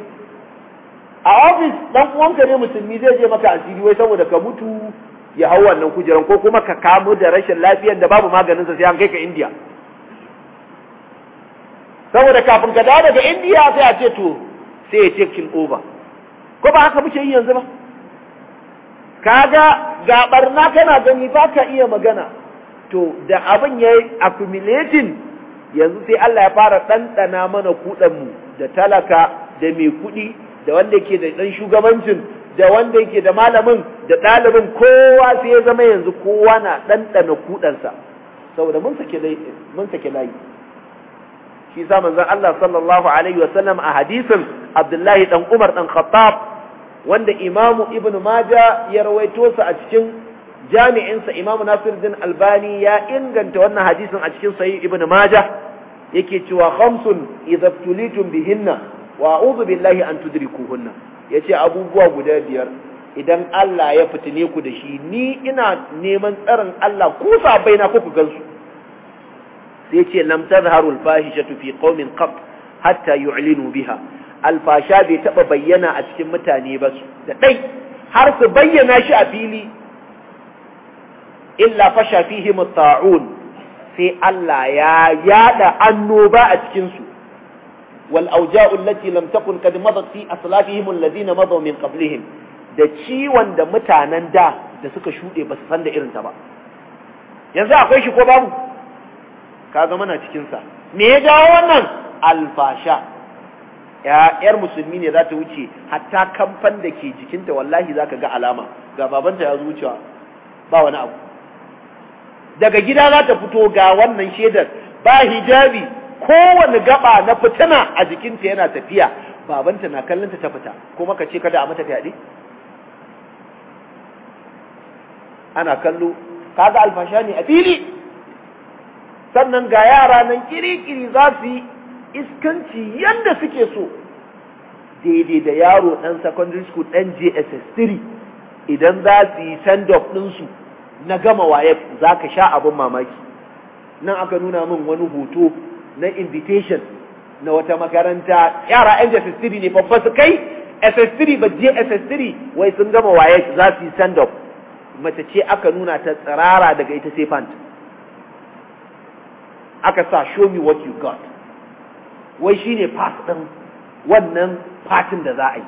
a ofis dan uwanka ne musulmi zai je maka asiri wai saboda ka mutu ya hau wannan kujeran ko kuma ka kamu da rashin lafiya da babu maganin sa sai an kai ka India saboda kafin ka dawo daga India sai a ce to sai ya take over ko ba haka muke yi yanzu ba kaga ga barna kana gani baka iya magana to da abin yayi accumulating yanzu sai Allah ya fara ɗanɗana mana mu da talaka da mai kuɗi da wanda ke da ɗan shugabancin da wanda yake da malamin da ɗalibin kowa sai ya zama yanzu kowa na ɗanɗana kuɗansa saboda mun sake layi shi sa manzon Allah sallallahu alaihi wasallam a hadisin Abdullahi dan Umar dan Khattab wanda Imam Ibn Majah ya rawaito sa a cikin jami'insa imamu nasiruddin albani ya inganta wannan hadisin a cikin sahih ibnu majah yake cewa khamsun idza tulitum bihinna wa a'udhu billahi an tudrikuhunna yace abubuwa guda biyar idan Allah ya fitine ku da shi ni ina neman tsarin Allah ku sabai na ku gansu sai yace lam tazharu al-fahishatu fi qaumin qat hatta yu'linu biha alfasha bai taba bayyana a cikin mutane ba da dai har su bayyana shi a fili illa fasha fihi mutta'un sai Allah ya yada annoba a cikin su wal auja'u allati lam takun kad madat fi aslafihim alladhina min qablihim da ciwon da mutanen da da suka shude ba su san da irin ta ba yanzu akwai shi ko babu kaga muna cikin sa me ya jawo wannan alfasha ya'yar musulmi ne za ta wuce hatta kamfan da ke jikinta wallahi zaka ga alama ga babanta ya zo wucewa ba wani abu daga gida za ta fito ga wannan shaidar ba hijabi kowane gaba na fitina a jikinta yana tafiya babanta na kallon ta fita kuma ka ce kada a mata fyaɗe ana kallo kaga alfasha ne a fili sannan ga yara nan kiri-kiri za su yi iskanci yadda suke so daidai da yaro ɗan secondary school ɗan JSS 3 idan za su yi send ɗinsu na gama waye za ka sha abin mamaki nan aka nuna min wani hoto na invitation na wata makaranta yara yan ss3 ne babba su kai ss3 ba je ss3 wai sun gama waye za su yi stand up mace ce aka nuna ta tsirara daga ita sai fanta aka sa show me what you got wai shine pass din wannan fatin da za a yi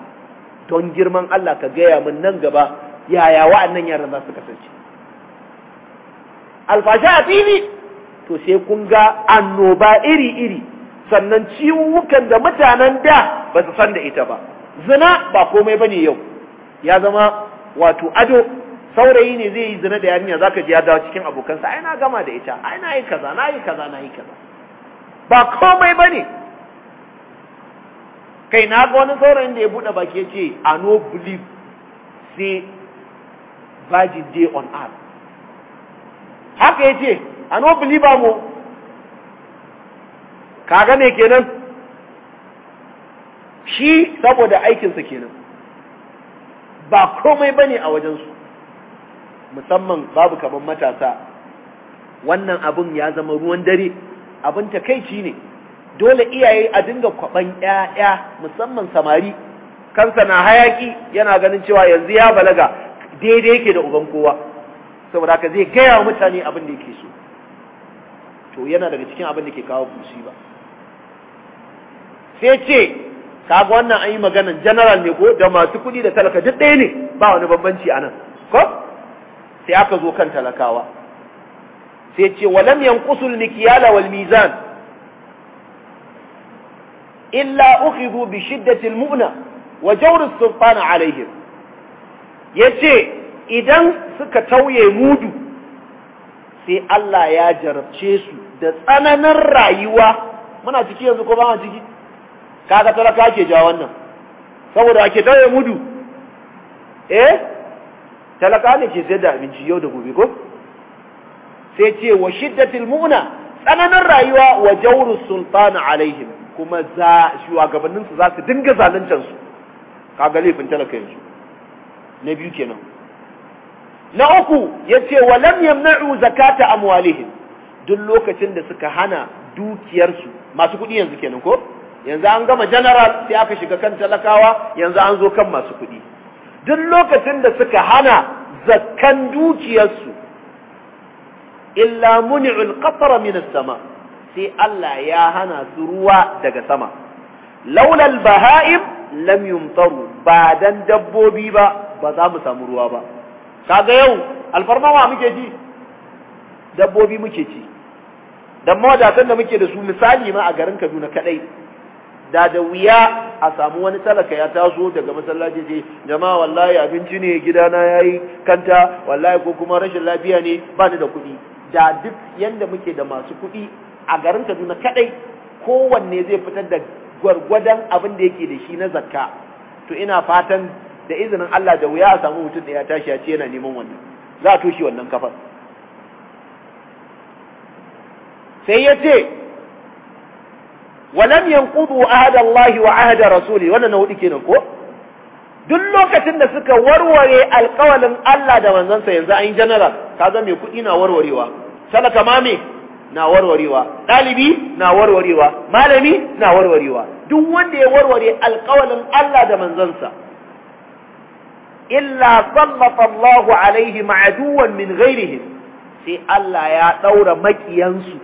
don girman Allah ka gaya mun nan gaba yaya wa'annan yaran za su kasance alfasha a fili to sai kun ga annoba iri-iri sannan ciwukan da mutanen da ba su san da ita ba zina ba komai ba ne yau ya zama wato ado saurayi ne zai yi zina da yarinya za ka ji ya dawo cikin abokansa ai na gama da ita ai na yi kaza na yi kaza na yi kaza ba komai ba ne. kai na ga wani saurayin da ya buɗe baki ya ce i no believe say virgin day on earth haka ya ce a no believer mu kaga ne kenan shi saboda aikinsa kenan ba komai bane a wajensu musamman babu kaman matasa wannan abun ya zama ruwan dare abin takaici ne dole iyaye a dinga kwaban 'ya'ya. musamman samari kansa na hayaki yana ganin cewa yanzu ya balaga daidai yake da uban kowa saboda ka zai gaya wa mutane abin da yake so to yana daga cikin abin da ke kawo musiba sai ce kaga wannan an yi maganan general ne ko da masu kuɗi da talaka duk ɗaya ne ba wani bambanci a nan ko sai aka zo kan talakawa sai ce walam yanqusul mikyala wal mizan illa ukhidhu bi shiddati al mu'na wa jawr as-sultan alaihim yace idan suka tauye mudu sai Allah ya jarabce su da tsananin rayuwa muna ciki yanzu ko ba mu ciki kaga talaka ke ja wannan saboda ake tauye mudu eh talaka ne ke sayar da abinci yau da gobe ko sai ce wa shiddatil mu'na tsananin rayuwa wa jawru sultan alaihim kuma za shugabanninsu za su dinga zaluntar su kaga laifin talaka yanzu na biyu kenan na uku ya ce wa lam yamna'u zakata amwalihim duk lokacin da suka hana dukiyarsu masu kuɗi yanzu kenan ko yanzu an gama general sai aka shiga kan talakawa yanzu an zo kan masu kuɗi duk lokacin da suka hana zakkan dukiyarsu illa muni'ul qatara min as-sama sai Allah ya hana su ruwa daga sama laula al-baha'im lam yumtaru ba dan dabbobi ba ba za mu samu ruwa ba kaga yau alfarma wa muke ji dabbobi muke ci dan mawadatan da muke da su misali ma a garin Kaduna kadai da da wuya a samu wani talaka ya taso daga masallaci je jama'a wallahi abinci ne gidana yayi kanta wallahi ko kuma rashin lafiya ne ba ni da kuɗi da duk yanda muke da masu kuɗi a garin Kaduna kadai kowanne zai fitar da gwargwadon abin da yake da shi na zakka to ina fatan da izinin Allah da wuya a samu mutum da ya tashi ya ce yana neman wannan za a toshe wannan kafar sai ya ce walam yanqudu ahada Allah wa ahada rasuli wannan na hudu kenan ko duk lokacin da suka warware alkawalin Allah da manzansa yanzu an yi general kaga mai kuɗi na warwarewa talaka ma na warwarewa ɗalibi na warwarewa malami na warwarewa duk wanda ya warware alkawalin Allah da manzansa illa sallata Allah alaihi ma'aduwan min ghairihim sai Allah ya daura makiyansu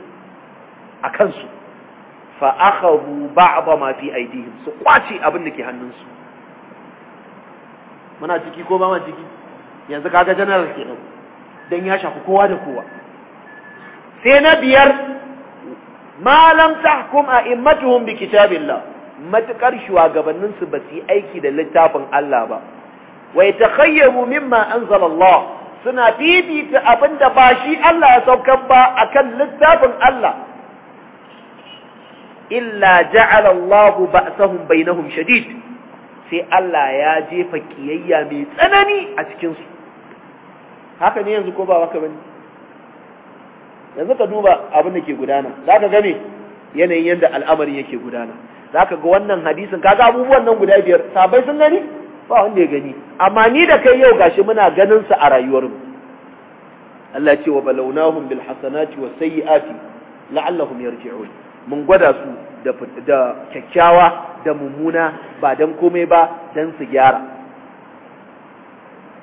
a kansu fa akhadhu ba'd ma fi aidihim su kwace abin da ke hannunsu muna ciki ko ba ma ciki yanzu kaga general kenan dan ya shafi kowa da kowa sai na biyar ma lam tahkum a'immatuhum bi kitabillah matukar shugabanninsu ba su yi aiki da littafin Allah ba wa yatakhayyaru mimma anzala Allah suna bibita abinda ba shi Allah ya saukar ba kan littafin Allah illa ja'ala Allahu ba'sahum bainahum shadid sai Allah ya jefa kiyayya mai tsanani a cikinsu. haka ne yanzu ko ba haka bane yanzu ka duba abin da ke gudana za ka me yanayin yadda al'amarin yake gudana Za ka ga wannan hadisin ga abubuwan nan guda biyar sabai sun gani ba wanda ya gani amma ni da kai yau gashi muna ganin su a rayuwarmu Allah ce wa balawnahum bil hasanati was sayyiati la'allahum yarji'un mun gwada su da da kyakkyawa da mummuna ba dan komai ba dan su gyara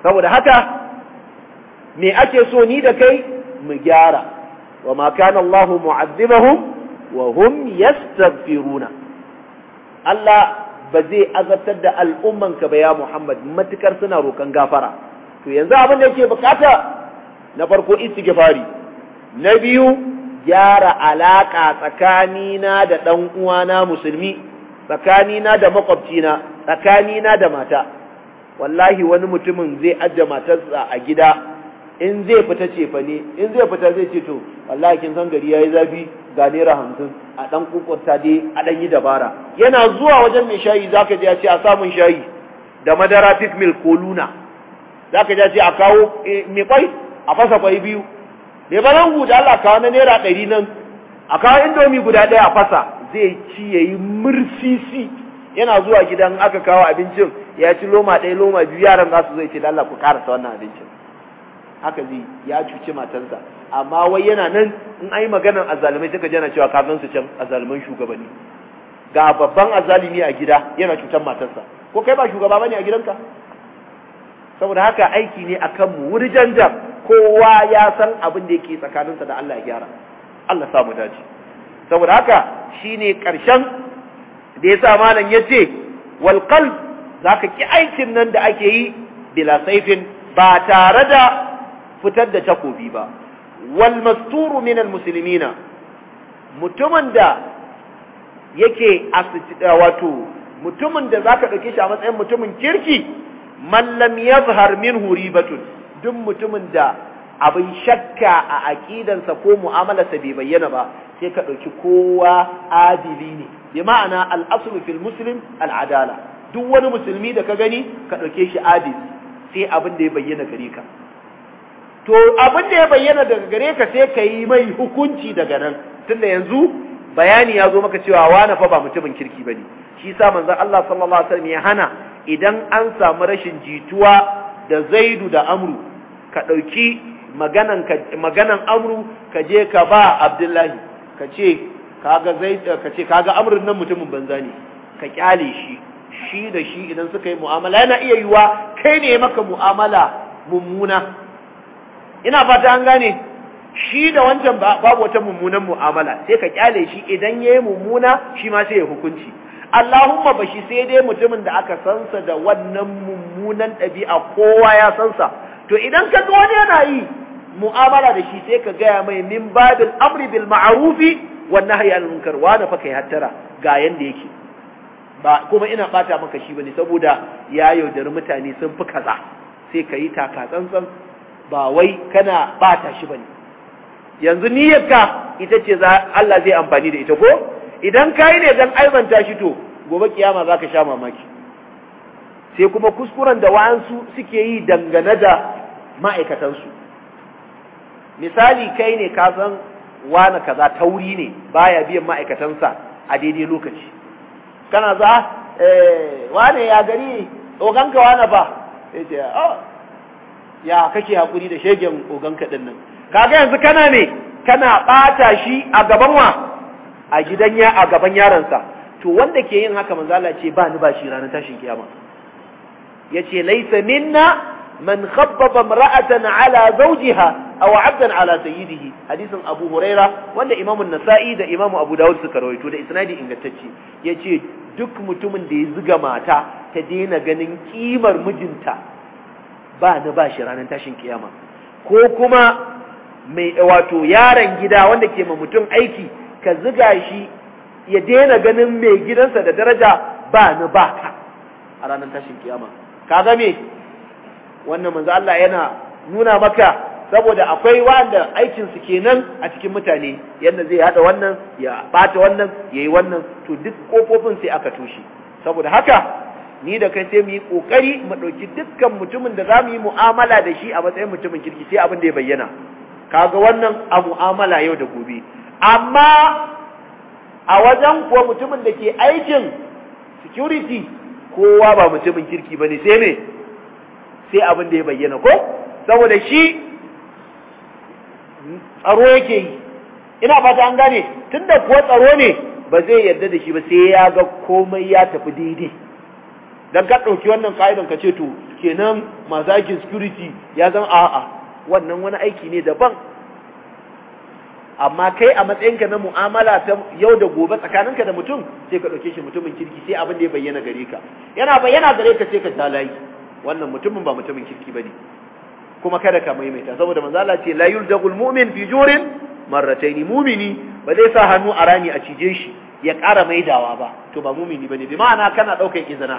saboda haka me ake so ni da kai mu gyara wa ma kana Allah mu'azzibahum wa hum yastaghfiruna Allah ba zai azabtar da al'ummanka ba ya Muhammad matukar suna rokan gafara to yanzu abin da yake bukata na farko istighfari na biyu gyara alaka tsakanina da dan uwana musulmi tsakanina da makwabcina tsakanina da mata wallahi wani mutumin zai ajje matarsa a gida in zai fita cefa ne in zai fita zai ce to wallahi kin san gari yayi zafi ga naira hamsin a ɗan kukunta dai a ɗan yi dabara yana zuwa wajen mai shayi za ka je ya ce a samun shayi da madara pick milk ko luna za ka je ya ce a kawo eh, mai kwai a fasa kwai biyu mai balan guda Allah kawo na naira ɗari nan a kawo indomi guda ɗaya a fasa zai ci ya yi mursisi yana zuwa gidan aka kawo abincin ya ci loma ɗaya loma biyu yaran za su zai ce Allah ku karasa wannan abincin haka zai ya cuci matansa amma wai yana nan in ai maganar azalumai suka jana cewa ka su can azaluman shugabanni ga babban azalimi a gida yana cutar matarsa ko kai ba shugaba bane a gidanka saboda haka aiki ne akan mu wurjan da kowa ya san abin da yake tsakaninsa da Allah ya gyara Allah sa mu dace saboda haka shine karshen da yasa malam yace wal qalb zaka ki aikin nan da ake yi bila saifin ba tare da fitar da takobi ba wal masturu min al muslimina mutumin da yake eh, wato mutumin da zaka dauke shi a matsayin mutumin kirki man lam yazhar huri ribatun duk mutumin da abin shakka a aqidansa ko mu'amalarsa bai bayyana ba sai ka dauki kowa adili ne bi ma'ana al aslu fil muslim al adala duk wani musulmi da ka gani ka dauke shi adili sai abin da ya bayyana gare ka to abin da ya bayyana daga gare ka sai ka yi mai hukunci daga nan tunda yanzu bayani ya zo maka cewa wani fa ba mutumin kirki ba ne shi sa manzan Allah sallallahu alaihi wasallam ya hana idan an samu rashin jituwa da zaidu da amru ka ɗauki maganan amru ka je ka ba abdullahi ka ce kaga ka ce kaga nan mutumin banza ne ka kyale shi shi da shi idan suka yi mu'amala yana iya yiwa kai ne maka mu'amala mummuna ina fata an gane shi da wancan babu wata mummunan mu'amala sai ka kyale shi idan yayi mummuna shi ma sai ya hukunci Allahumma bashi sai dai mutumin da aka sansa da wannan mummunan ɗabi'a kowa ya sansa to idan ka ga wani yana yi mu'amala da shi sai ka gaya mai min babil amri bil ma'ruf wa nahyi anil munkar wa da fa hattara ga yanda yake ba kuma ina bata maka shi bane saboda ya yaudari mutane sun fi kaza sai ka yi taka tsantsan ba wai kana bata shi bane yanzu niyyarka ita ce za Allah zai amfani da ita ko idan kai ne dan aibanta shi to gobe kiyama zaka sha mamaki sai kuma kuskuren da wayansu suke yi dangane da ma'aikatansu misali kai ne ka san wani kaza tauri ne baya biyan ma'aikatansa a daidai lokaci kana za eh wane ya gari ka wani ba sai ce ah, ya kake hakuri da shegen ogan ka nan kaga yanzu kana ne kana bata shi a gaban wa a gidan ya a gaban yaransa to wanda ke yin haka manzo Allah ce ba ni ba shi ranar tashin kiyama yace laysa minna man khabbaba imra'atan ala zawjiha aw 'abdan ala sayyidihi hadisin Abu Huraira wanda Imam nasai da Imam Abu Dawud suka rawaito da isnadi ingantacce yace duk mutumin da ya zuga mata ta daina ganin kimar mijinta ba ni ba shi ranar tashin kiyama ko kuma mai wato yaron gida wanda ke ma mutum aiki ka ziga shi ya daina ganin mai gidansa da daraja ba ni ba ka a ranar tashin kiyama ka ga me wannan manzo Allah yana nuna maka saboda akwai wanda aikin su kenan a cikin mutane yanda zai hada wannan ya bata wannan yayi wannan to duk kofofin sai aka toshe saboda haka ni da kai sai mu yi kokari mu dauki dukkan mutumin da zamu yi mu'amala da shi a matsayin mutumin kirki sai abin da ya bayyana kaga wannan a mu'amala yau da gobe amma a wajen kuwa mutumin da ke aikin security kowa ba mutumin kirki bane sai me sai abin da ya bayyana ko saboda shi tsaro yake yi ina fata an gane tunda kuwa tsaro ne ba zai yarda da shi ba sai ya ga komai ya tafi daidai dan ka ɗauki wannan ka'idan ka ce to kenan mazakin security ya zama a'a wannan wani aiki ne daban amma kai a matsayinka na mu'amala ta yau da gobe tsakaninka da mutum sai ka ɗauke shi mutumin kirki sai abin da ya bayyana gare ka yana bayyana gare ka sai ka layi. wannan mutumin ba mutumin kirki bane kuma kada ka maimaita saboda manzo Allah ce la yuljagul mu'min fi jurin marratayn mu'mini ba zai sa hannu a rani a cije shi ya ƙara maidawa ba to ba mu'mini bane bi ma'ana kana ɗaukar izina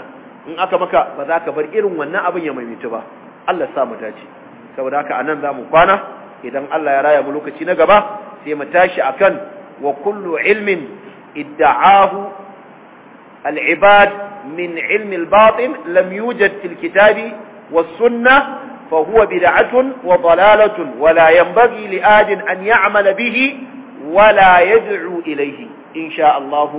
in aka maka ba za ka bar irin wannan abin ya maimaitu ba Allah sa mu dace saboda haka anan zamu kwana idan Allah ya raya mu lokaci na gaba sai mu tashi akan wa kullu ilmin idda'ahu al'ibad min ilmi al-batin lam yujad fil kitabi was sunnah fa huwa bid'atun wa dalalatun wa la yanbaghi li adin an ya'mala bihi wa la yad'u ilayhi insha Allah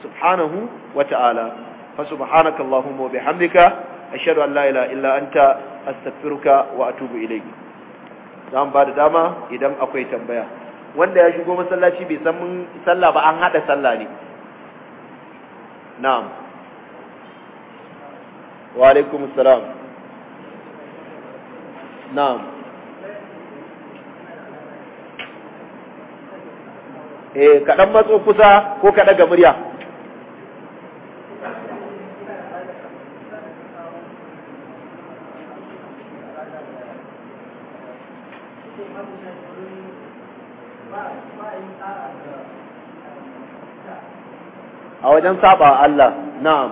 subhanahu wa ta'ala فسبحانك اللهم وبحمدك wa bihamdika لا an la ilaha illa anta astaghfiruka dan ba da dama idan akwai tambaya wanda ya shigo masallaci bai san mun sallah ba an hada sallah ne na'am wa alaikum assalam na'am eh kaɗan matso kusa ko kada ga murya wajen saba Allah na'am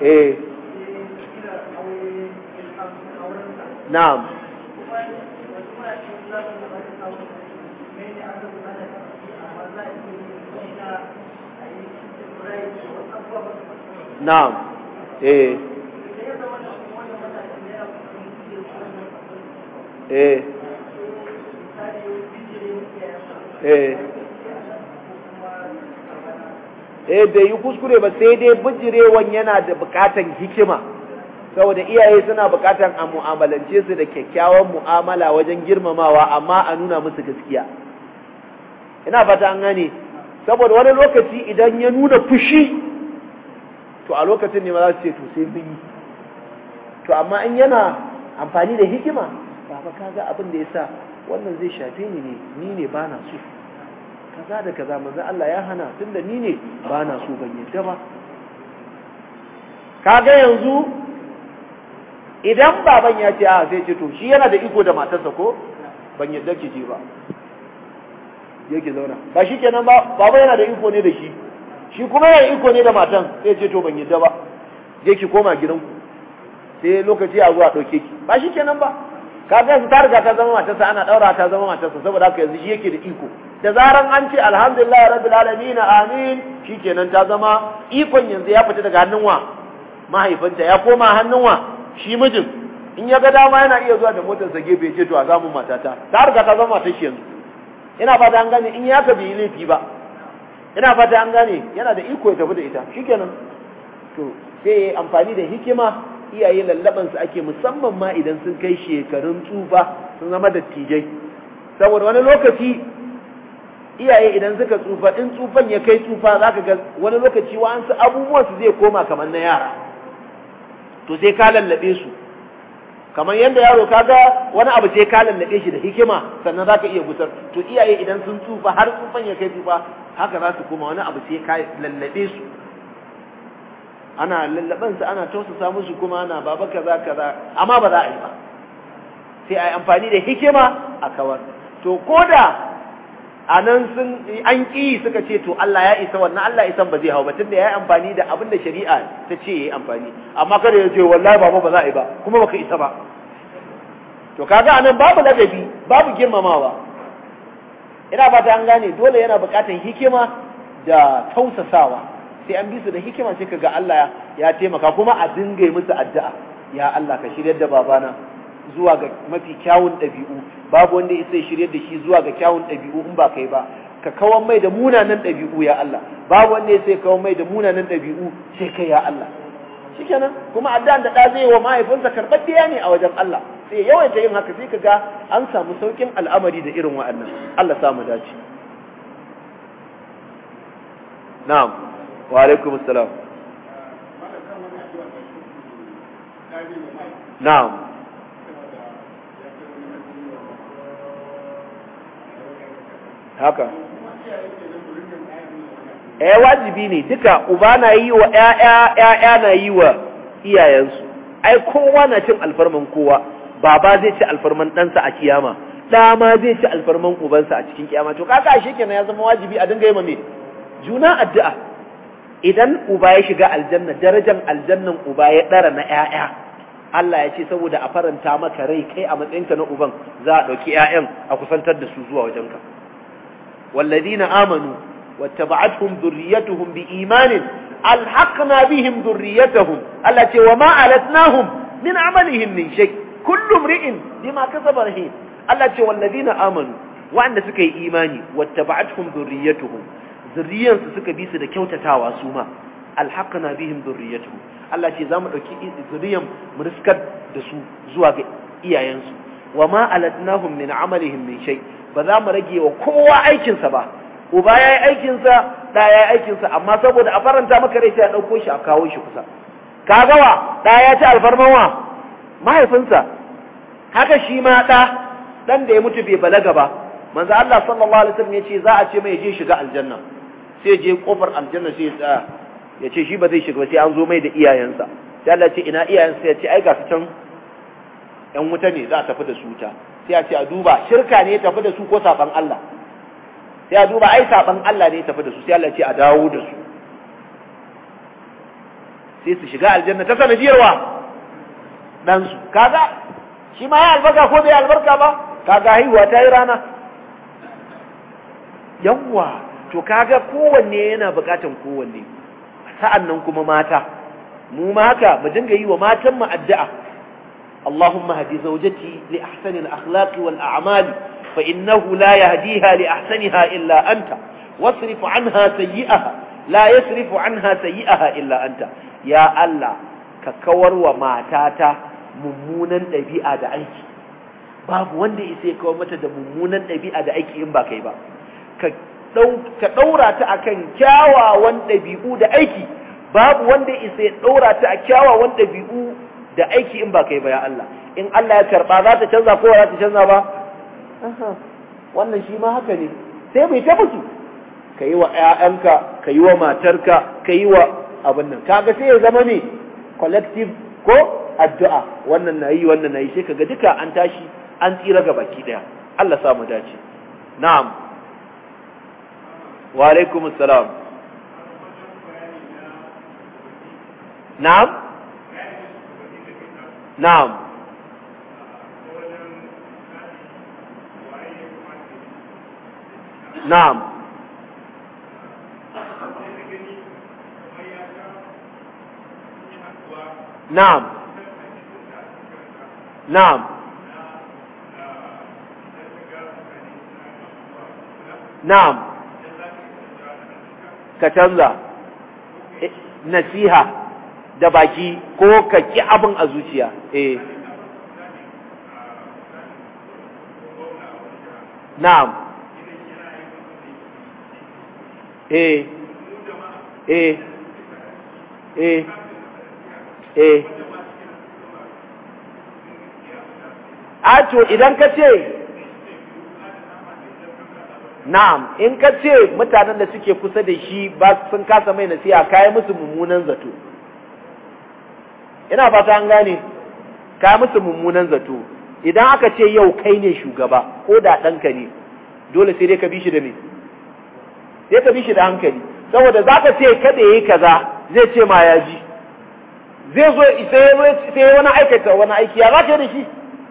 eh na'am na'am eh eh eh eh bai yi kuskure ba sai dai bijirewan yana da bukatan hikima saboda iyaye suna bukatan a mu'amalance su da kyakkyawan mu'amala wajen girmamawa amma a nuna musu gaskiya ina fata an gane saboda wani lokaci idan ya nuna fushi to a lokacin ne ma za su ce to sai mun yi to amma in yana amfani da hikima ba kaga abin da yasa wannan zai shafe ni ne ni ne bana so kaza da kaza manzo Allah ya hana tunda ni ne ba na so ban yadda ba kaga yanzu idan baban ya ce a sai ce to shi yana da iko da matarsa ko ban yadda ki je ba yake zauna ba shi kenan ba baba yana da iko ne da shi shi kuma yana iko ne da matan sai ce to ban yadda ba je ki koma ku sai lokaci a zuwa dauke ki ba shi kenan ba kaga yanzu ta riga ta zama matarsa ana ɗaura ta zama matarsa saboda haka yanzu shi yake da iko da zaran an ce alhamdulillah rabbil alamin amin shikenan ta zama ikon yanzu ya fita daga hannun wa mahaifinta ya koma hannun wa shi mijin in ya ga dama yana iya zuwa da motar sa gefe ce to a samu matata ta riga ta zama matar shi yanzu ina fata an gane in ya ka bi laifi ba ina fata an gane yana da iko ya tafi da ita shikenan to sai amfani da hikima iyaye su ake musamman ma idan sun kai shekarun tsufa sun zama dattijai saboda wani lokaci iyaye idan suka tsufa in tsufan ya kai tsufa za ka ga wani lokaci wa'ansu abubuwan su zai koma kamar na yara to sai ka lallabe su kamar yadda yaro kaga wani abu sai ka lallabe shi da hikima sannan za ka iya gusar to iyaye idan sun tsufa har tsufan ya kai tsufa haka za su koma wani abu sai ka lallabe su ana lallaban su ana tausasa musu kuma ana baba kaza kaza amma ba za a yi ba sai a yi amfani da hikima a kawar to koda Anan nan sun an ƙi suka ce to Allah ya isa wannan Allah isan ba zai hau ba tunda ya yi amfani da abin da shari'a ta ce ya yi amfani amma kada ya ce wallahi baba ba za a yi ba kuma baka isa ba to kaga anan babu ladabi babu girmamawa ina ba ta an gane dole yana buƙatar hikima da tausasawa sai an bi da hikima sai kaga Allah ya taimaka kuma a dinga musu addu'a ya Allah ka shiryar da babana zuwa ga mafi kyawun ɗabi'u babu wanda ya sai shirye da shi zuwa ga kyawun ɗabi'u in ba kai ba ka kawan mai da munanan ɗabi'u ya Allah babu wanda ya sai kawan mai da munanan ɗabi'u sai kai ya Allah shikenan kuma addu'an da da zai wa mahaifinsa karɓaɗɗiya ne a wajen Allah sai yawaita yin haka sai ka ga an samu saukin al'amari da irin wa'annan Allah samu dace na'am wa alaikum assalam na'am haka eh wajibi ne duka uba na yi wa ƴaƴa na yi wa iyayensu ai kowa na cin alfarman kowa baba zai ci alfarman ɗansa a kiyama da ma zai ci alfarman ubansa a cikin kiyama to kaka ashe kenan ya zama wajibi a dinga yi me juna addu'a idan uba ya shiga aljanna darajar aljannan uba ya ɗara na ƴaƴa Allah ya ce saboda a faranta maka rai kai a matsayinka na uban za a ɗauki ƴaƴan a kusantar da su zuwa wajenka والذين آمنوا واتبعتهم ذريتهم بإيمان ألحقنا بهم ذريتهم التي وما ألتناهم من عملهم من شيء كل امرئ بما كسب رهين التي والذين آمنوا وأن سكي إيماني واتبعتهم ذريتهم ذريان سكي بيس دكوتة تاواسوما ألحقنا بهم ذريتهم التي زامن أكي ذريان مرسكت دسو زواج إيا ينسو وما ألتناهم من عملهم من شيء ba za mu rage wa kowa aikinsa ba uba ya yi aikinsa ɗa ya yi aikinsa amma saboda a faranta maka rai sai a ɗauko shi a kawo shi kusa ka gawa ɗa ya ci alfarman wa mahaifinsa haka shi ma ɗa ɗan da ya mutu bai balaga ba manzo Allah sallallahu alaihi wasallam ya ce za a ce mai je shiga aljanna sai je kofar aljanna sai ya tsaya ya ce shi ba zai shiga ba sai an zo mai da iyayensa sai Allah ce ina iyayensa ya ce ai ga su can yan wuta ne za a tafi da su ta sai a ce a duba shirka ne tafi da su ko saban Allah sai a duba ai saban Allah ne tafi da su sai Allah ce a dawo da su sai su shiga aljanna ta sanadiyarwa ɗansu kaga shi ma ya albarka ko bai albarka ba kaga haihuwa ta yi rana yawwa to kaga kowanne yana bukatan kowanne sa'an nan kuma mata mu maka mu dinga yi wa matanmu addu'a اللهم هدي زوجتي لأحسن الأخلاق والأعمال فإنه لا يهديها لأحسنها إلا أنت واصرف عنها سيئها لا يصرف عنها سيئها إلا أنت يا الله ككور وماتاتا ممونا نبيئة دعيك باب وند إسيك ومتد ممونا نبيئة دعيك إنبا كيبا كدورة أكن كاوا وند نبيئة دعيك باب وند إسيك دورة أكاوا وند نبيئة da aiki in ba kai ba ya Allah in Allah ya karba za ta canza ko za ta canza ba wannan shi ma haka ne sai mai ta mutu ka yi wa ƴaƴanka ka yi wa matarka ka yi wa abin nan kaga sai ya zama ne collective ko addu'a wannan yi wannan nayi sai kaga duka an tashi an tsira ga baki daya Allah sa mu dace na'am wa alaikum salam na'am na'am na'am na'am na'am na'am ka canza eh, nasiha da baki ko ka ki abin a zuciya eh na'am eh eh eh eh ato idan ka ce na'am in ka ce mutanen da suke kusa da shi ba sun kasa mai nasiha kayi musu mummunan zato ina fata an gane ka musu mummunan zato idan aka ce yau kai ne shugaba ko da ɗanka ne dole sai dai ka bi shi da me sai ka bi shi da hankali saboda za ka ce kada ya yi kaza zai ce ma ya ji zai zo sai wani aikata wani aiki ya za ka da shi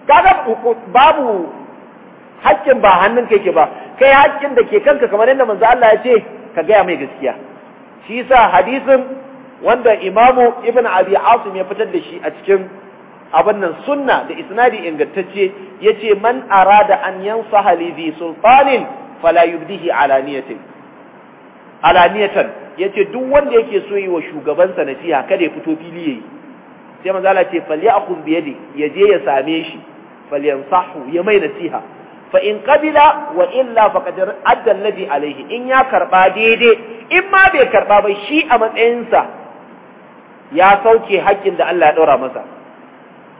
kaga babu haƙƙin ba hannun kai ke ba kai haƙƙin da ke kanka kamar yadda manzo Allah ya ce ka gaya mai gaskiya shi yasa hadisin wanda imamu ibn abi asim ya fitar da shi a cikin abin nan sunna da isnadi ingantacce yace man arada an yansaha li bi sultanin fala yubdihi alaniyatin alaniyatan yace duk wanda yake so yi wa shugaban sa nasiha kada ya fito fili yayi sai manzo Allah ce falyakhudh bi yadi yaje ya same shi falyansahu ya mai nasiha fa in qabila wa illa faqad adda alladhi alayhi in ya karba daidai in ma bai karba ba shi a matsayinsa ya sauke hakkin da Allah ya ɗora masa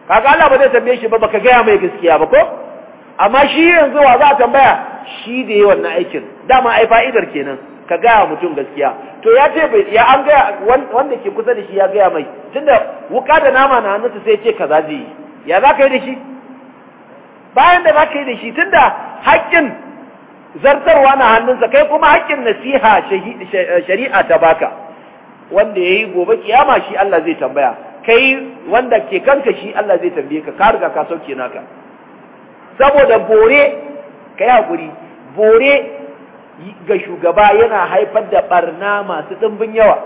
kaga Allah ba zai tambaye shi ba baka gaya mai gaskiya ba ko amma shi yanzu wa za a tambaya shi da yi wannan aikin dama ai fa'idar kenan ka gaya mutum gaskiya to ya ce bai ya an gaya wanda ke kusa da shi ya gaya mai tunda wuka da nama na hannunsa sai ce kaza zai yi ya za ka yi da shi bayan da za ka yi da shi tunda haƙƙin zartarwa na hannunsa kai kuma haƙƙin nasiha shari'a ta baka wanda yayi gobe kiyama shi Allah zai tambaya kai wanda ke kanka shi Allah zai tambaye ka ka riga ka sauke naka saboda bore kai hakuri bore ga shugaba yana haifar da barna masu dimbin yawa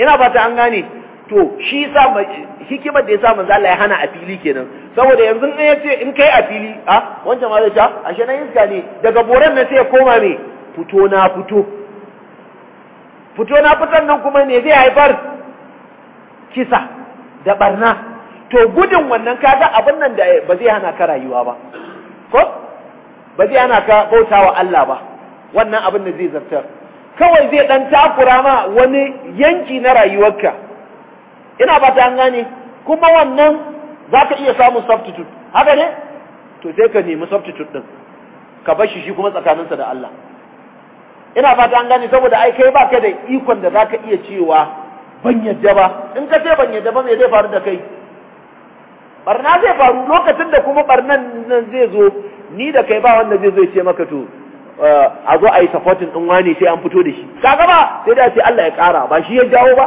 ina fata an gane to shi yasa hikimar da yasa manzo Allah ya hana a fili kenan saboda yanzu in yace in kai a fili ah wancan ma zai ta ah, ashe na iska ne daga boren nan sai ya koma me fito na fito fito na fitan nan kuma ne zai haifar kisa da barna to gudun wannan kaga abin nan da ba zai hana ka rayuwa ba ko ba zai hana ka bautawa Allah ba wannan abin da zai zartar kawai zai dan takura ma wani yanki na rayuwarka ina ba ta gane kuma wannan zaka iya samun substitute haka ne to sai ka nemi substitute din ka bar shi shi kuma tsakaninsa da Allah ina fata an gane saboda ai kai baka da ikon da zaka iya cewa ban yadda ba in ka ce ban yadda ba me zai faru da kai barna zai faru lokacin da kuma barnan nan zai zo ni da kai ba wanda zai zo ya ce maka to eh, a zo a yi supporting din wani sai an fito da shi kaga ba sai da ce Allah ya kara ba shi ya jawo ba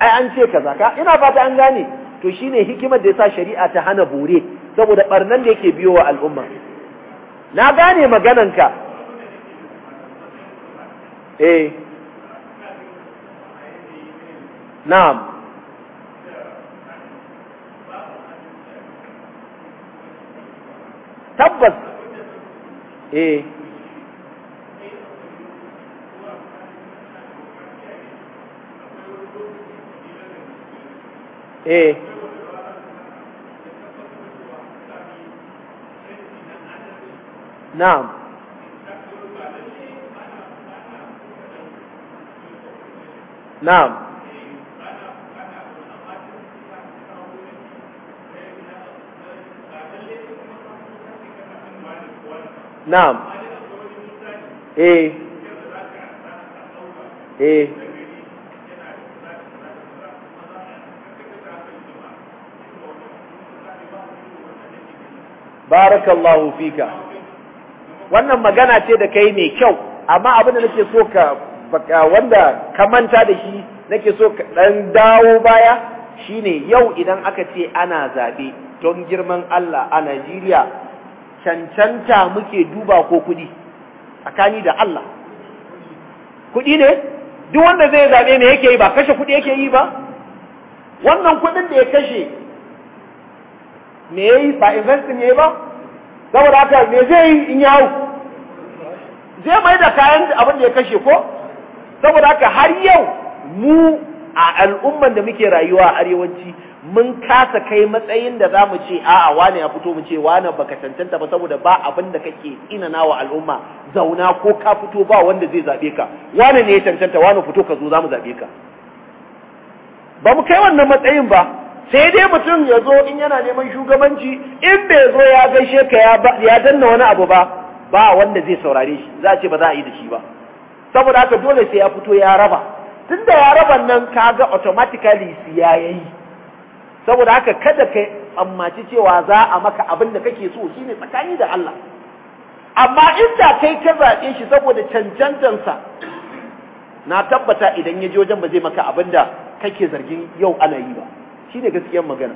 ai an ce kaza ka ina fata an gane to shine hikimar da yasa shari'a ta hana bore saboda barnan da yake biyo wa al'umma na gane maganan ka eh na'am tabbas eh eh na'am na'am na'am ايه eh. بارك eh. barakallahu فيك wannan magana ce da kai mai kyau amma abin da nake so ka wanda ka manta da shi nake so ka dan dawo baya shine yau idan aka ce ana zabe don girman Allah a Najeriya cancanta muke duba ko kudi tsakani da Allah kudi ne duk wanda zai zabe ne yake yi ba kashe kudi yake yi ba wannan kudin da ya kashe me yayi ba investing ne ba saboda haka me zai yi in yawo zai mai da kayan abin da ya kashe ko saboda haka har yau mu a al'umman da muke rayuwa a arewanci mun kasa kai matsayin da za mu ce a wane ya fito mu ce wane baka cancanta ba saboda ba abin da kake inana wa al'umma zauna ko ka fito ba wanda zai zabe ka wane ne ya cancanta wane fito ka zo za mu zabe ka ba mu kai wannan matsayin ba sai dai mutum ya zo in yana neman shugabanci in bai zo ya gaishe ka ya danna wani abu ba ba wanda zai saurare shi za a ce ba za a yi da shi ba saboda haka dole sai ya fito ya raba tunda ya raba nan kaga automatically ya yi. saboda haka kada ka ammaci cewa za a maka abin da kake so shine tsakani da Allah amma inda kai ka zabe shi saboda cancantansa na tabbata idan ya je wajen ba zai maka abin da kake zargin yau ana yi ba shine gaskiyar magana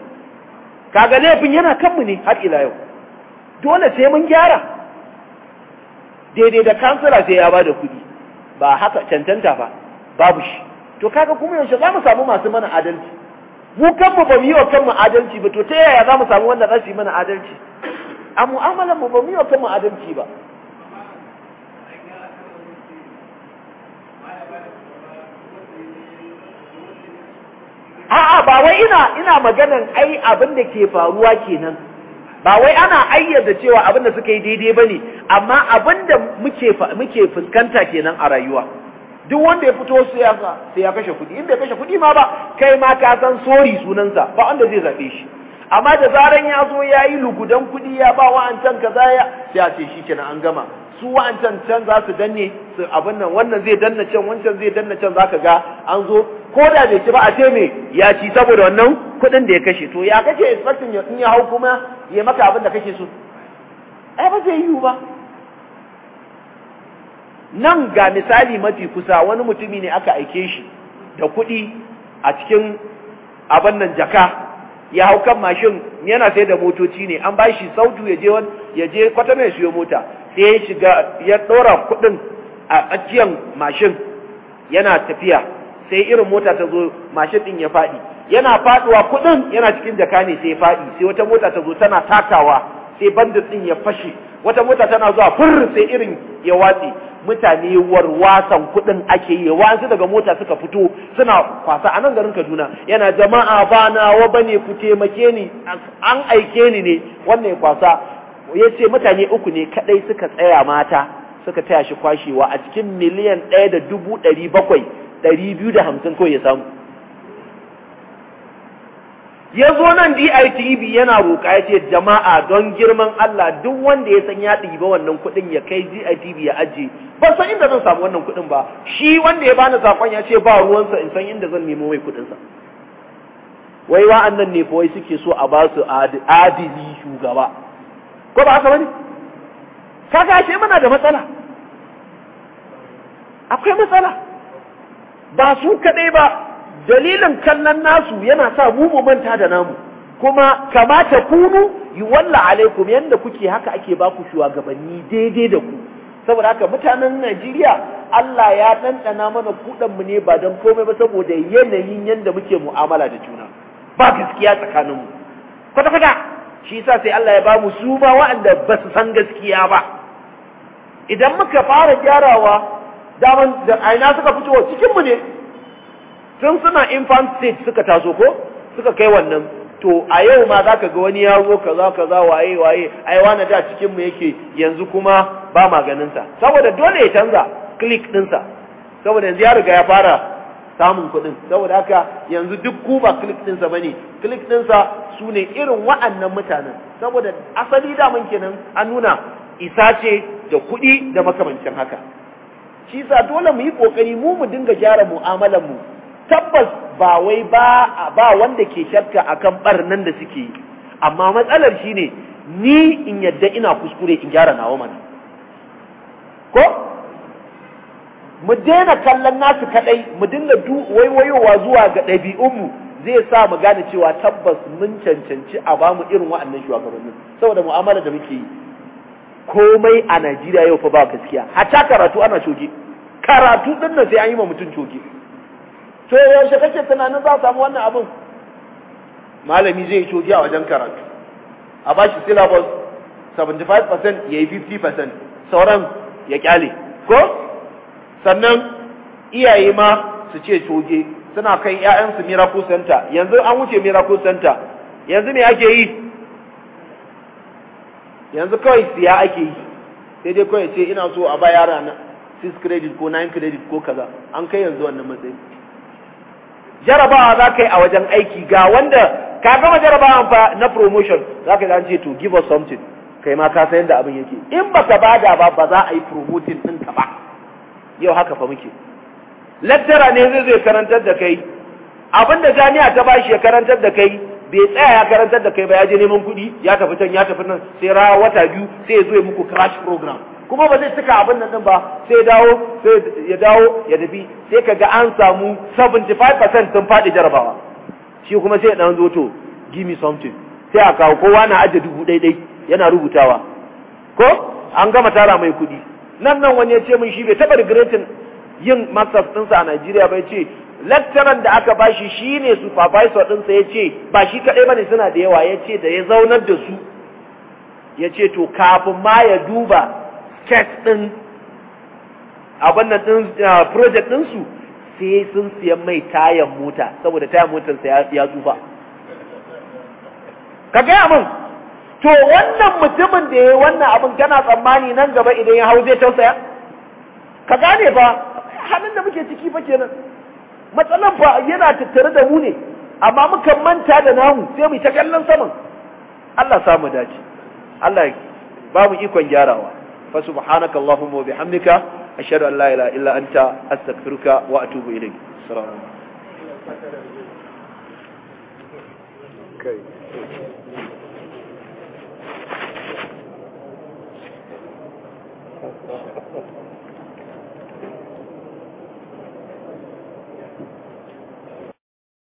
kaga laifin yana kanmu ne har ila yau dole sai mun gyara daidai da kansila sai ya bada kuɗi ba haka cancanta ba babu shi to kaga kuma yanzu. za mu samu masu mana adalci mu kanmu ba mu yi wa kanmu adalci ba to ta yaya za mu samu wanda za su yi mana adalci a mu'amalar mu ba mu yi wa kanmu adalci ba a'a ba wai ina ina maganan ai abin da ke faruwa kenan ba wai ana ayyada cewa abin da suka yi daidai ba ne amma abin da muke fuskanta kenan a rayuwa duk wanda ya fito siyasa sai ya kashe kuɗi in bai kashe kuɗi ma ba kai ma ka san sori sunansa ba wanda zai zaɓe shi amma da zaran ya zo ya yi lugudan kuɗi ya ba wa'ancan kaza ya sai a ce shi kenan an gama su wancan can za su danne su abin nan wannan zai danna can wancan zai danna can zaka ga an zo ko da bai ci ba a ce me ya ci saboda wannan kuɗin da ya kashe to ya kake expecting in ya hau kuma ya maka abin da kake so ai ba zai yiwu ba nan ga misali mafi kusa wani mutumi ne aka aike shi da kuɗi a cikin abin nan jaka ya hau kan mashin yana sai da motoci ne an ba shi sautu ya je ya je ya siyo mota sai ya shiga ya ɗora kuɗin a tsakiyar mashin yana tafiya sai irin mota ta zo mashin ɗin ya faɗi yana faɗuwa kuɗin yana cikin jaka ne sai ya faɗi sai wata mota ta zo tana takawa sai bandit ɗin ya fashe wata mota tana zuwa fur sai irin ya watse mutane warwasan kuɗin ake yi wasu daga mota suka fito suna kwasa a nan garin Kaduna yana jama'a ba nawa bane ku taimake ni an aike ni ne wannan kwasa ya ce mutane uku ne kadai suka tsaya mata suka taya shi kwashewa a cikin miliyan ɗaya da dubu ɗari bakwai ɗari biyu da hamsin kawai ya samu ya zo nan DITB yana roƙa ya ce jama'a don girman Allah duk wanda ya san ya ɗiba wannan kuɗin ya kai DITB ya ajiye ba san inda zan samu wannan kuɗin ba shi wanda ya bani sakon ya ce ba ruwansa in san inda zan nemo mai kuɗinsa wai wa'annan ne fa suke so a basu su adili shugaba ko ba haka bane kaga ashe muna da matsala akwai matsala ba su kadai ba dalilin kallon nasu yana sa mu mu manta da namu kuma kamata kunu yi walla alaikum yanda kuke haka ake ba ku shugabanni daidai da ku saboda haka mutanen Najeriya Allah ya ɗanɗana mana kuɗan mu ne ba don komai ba saboda yanayin yanda muke mu'amala da juna ba gaskiya tsakaninmu ta shi yasa sai Allah ya bamu su ba waɗanda ba su san gaskiya ba idan muka fara gyarawa daman da aina suka fito cikin mu ne tun suna infant stage suka taso ko suka kai wannan to a yau ma zaka ga wani ya zo kaza kaza waye waye ai wani da cikin mu yake yanzu kuma ba maganin saboda dole ya canza click din sa saboda yanzu ya riga ya fara samun kuɗin saboda haka yanzu duk ku ba click ɗinsa ba ne click ɗinsa su ne irin wa'annan mutanen saboda asali daman kenan an nuna isa ce da kuɗi da makamancin haka shi sa dole mu yi ƙoƙari mu mu dinga gyara mu'amalar mu tabbas ba wai ba ba wanda ke shakka akan barnan da suke yi amma matsalar shine ni in yadda ina kuskure in gyara nawa mana ko mu daina kallon nasu kadai mu dinga waiwayowa zuwa ga ɗabi'unmu zai sa mu gane cewa tabbas mun cancanci a ba mu irin wa'annan shugabannin saboda mu'amala da muke yi komai a Najeriya yau fa ba gaskiya hatta karatu ana coge karatu din nan sai an yi ma mutum coge to yaushe kake tunanin za samu wannan abin malami zai yi coge a wajen karatu a bashi syllabus 75% yayi 50% sauran ya kyale ko sannan iyaye ma su ce coge suna kan ƴaƴansu miracle center yanzu an wuce miracle center yanzu me ake yi yanzu kawai siya ake yi sai dai kawai ce ina so a ba yara na 6 credit ko 9 credit ko kaza an kai yanzu wannan matsayi jarabawa za ka yi a wajen aiki ga wanda ka gama jarabawa fa na promotion za ka yi an ce to give us something kai ma ka yadda abin yake in ba bada ba ba za a yi promoting ɗinka ba yau haka fa muke lattara ne zai zai karantar da kai abinda jami'a ta bashi ya karantar da kai bai tsaya ya karantar da kai ba ya je neman kuɗi ya tafi can ya tafi nan sai ra wata biyu sai ya zo ya muku crash program kuma ba zai cika abin nan ba sai dawo sai ya dawo ya tafi sai kaga an samu 75% sun faɗi jarabawa shi kuma sai dan zo to give me something sai a kawo kowa na aje dubu ɗai ɗai yana rubutawa ko an gama tara mai kuɗi nan nan wani ya ce min shi bai taɓa regretin yin masters ɗinsa a Najeriya ba ya ce lecturer da aka ba shi ne supervisor ɗinsa ya ce ba shi kaɗai ba ne suna da yawa ya ce da ya zaunar da su ya ce to kafin ma ya duba test ɗin abin nan ɗin uh, project ɗinsu sai sun siyan mai tayan mota saboda tayan motarsa ya tsufa ka gaya mun. to wannan mutumin da ya yi wannan abin kana tsammani nan gaba idan ya hau zai tausaya ka gane ba halin da muke ciki fa kenan matsalan ba yana tattare da mu ne amma muka manta da namu sai mu ta kallon saman Allah samu dace Allah ba mu ikon gyarawa fa subhanaka allahumma wa bihamdika ashhadu an la ilaha illa anta astaghfiruka wa atubu ilayk assalamu alaikum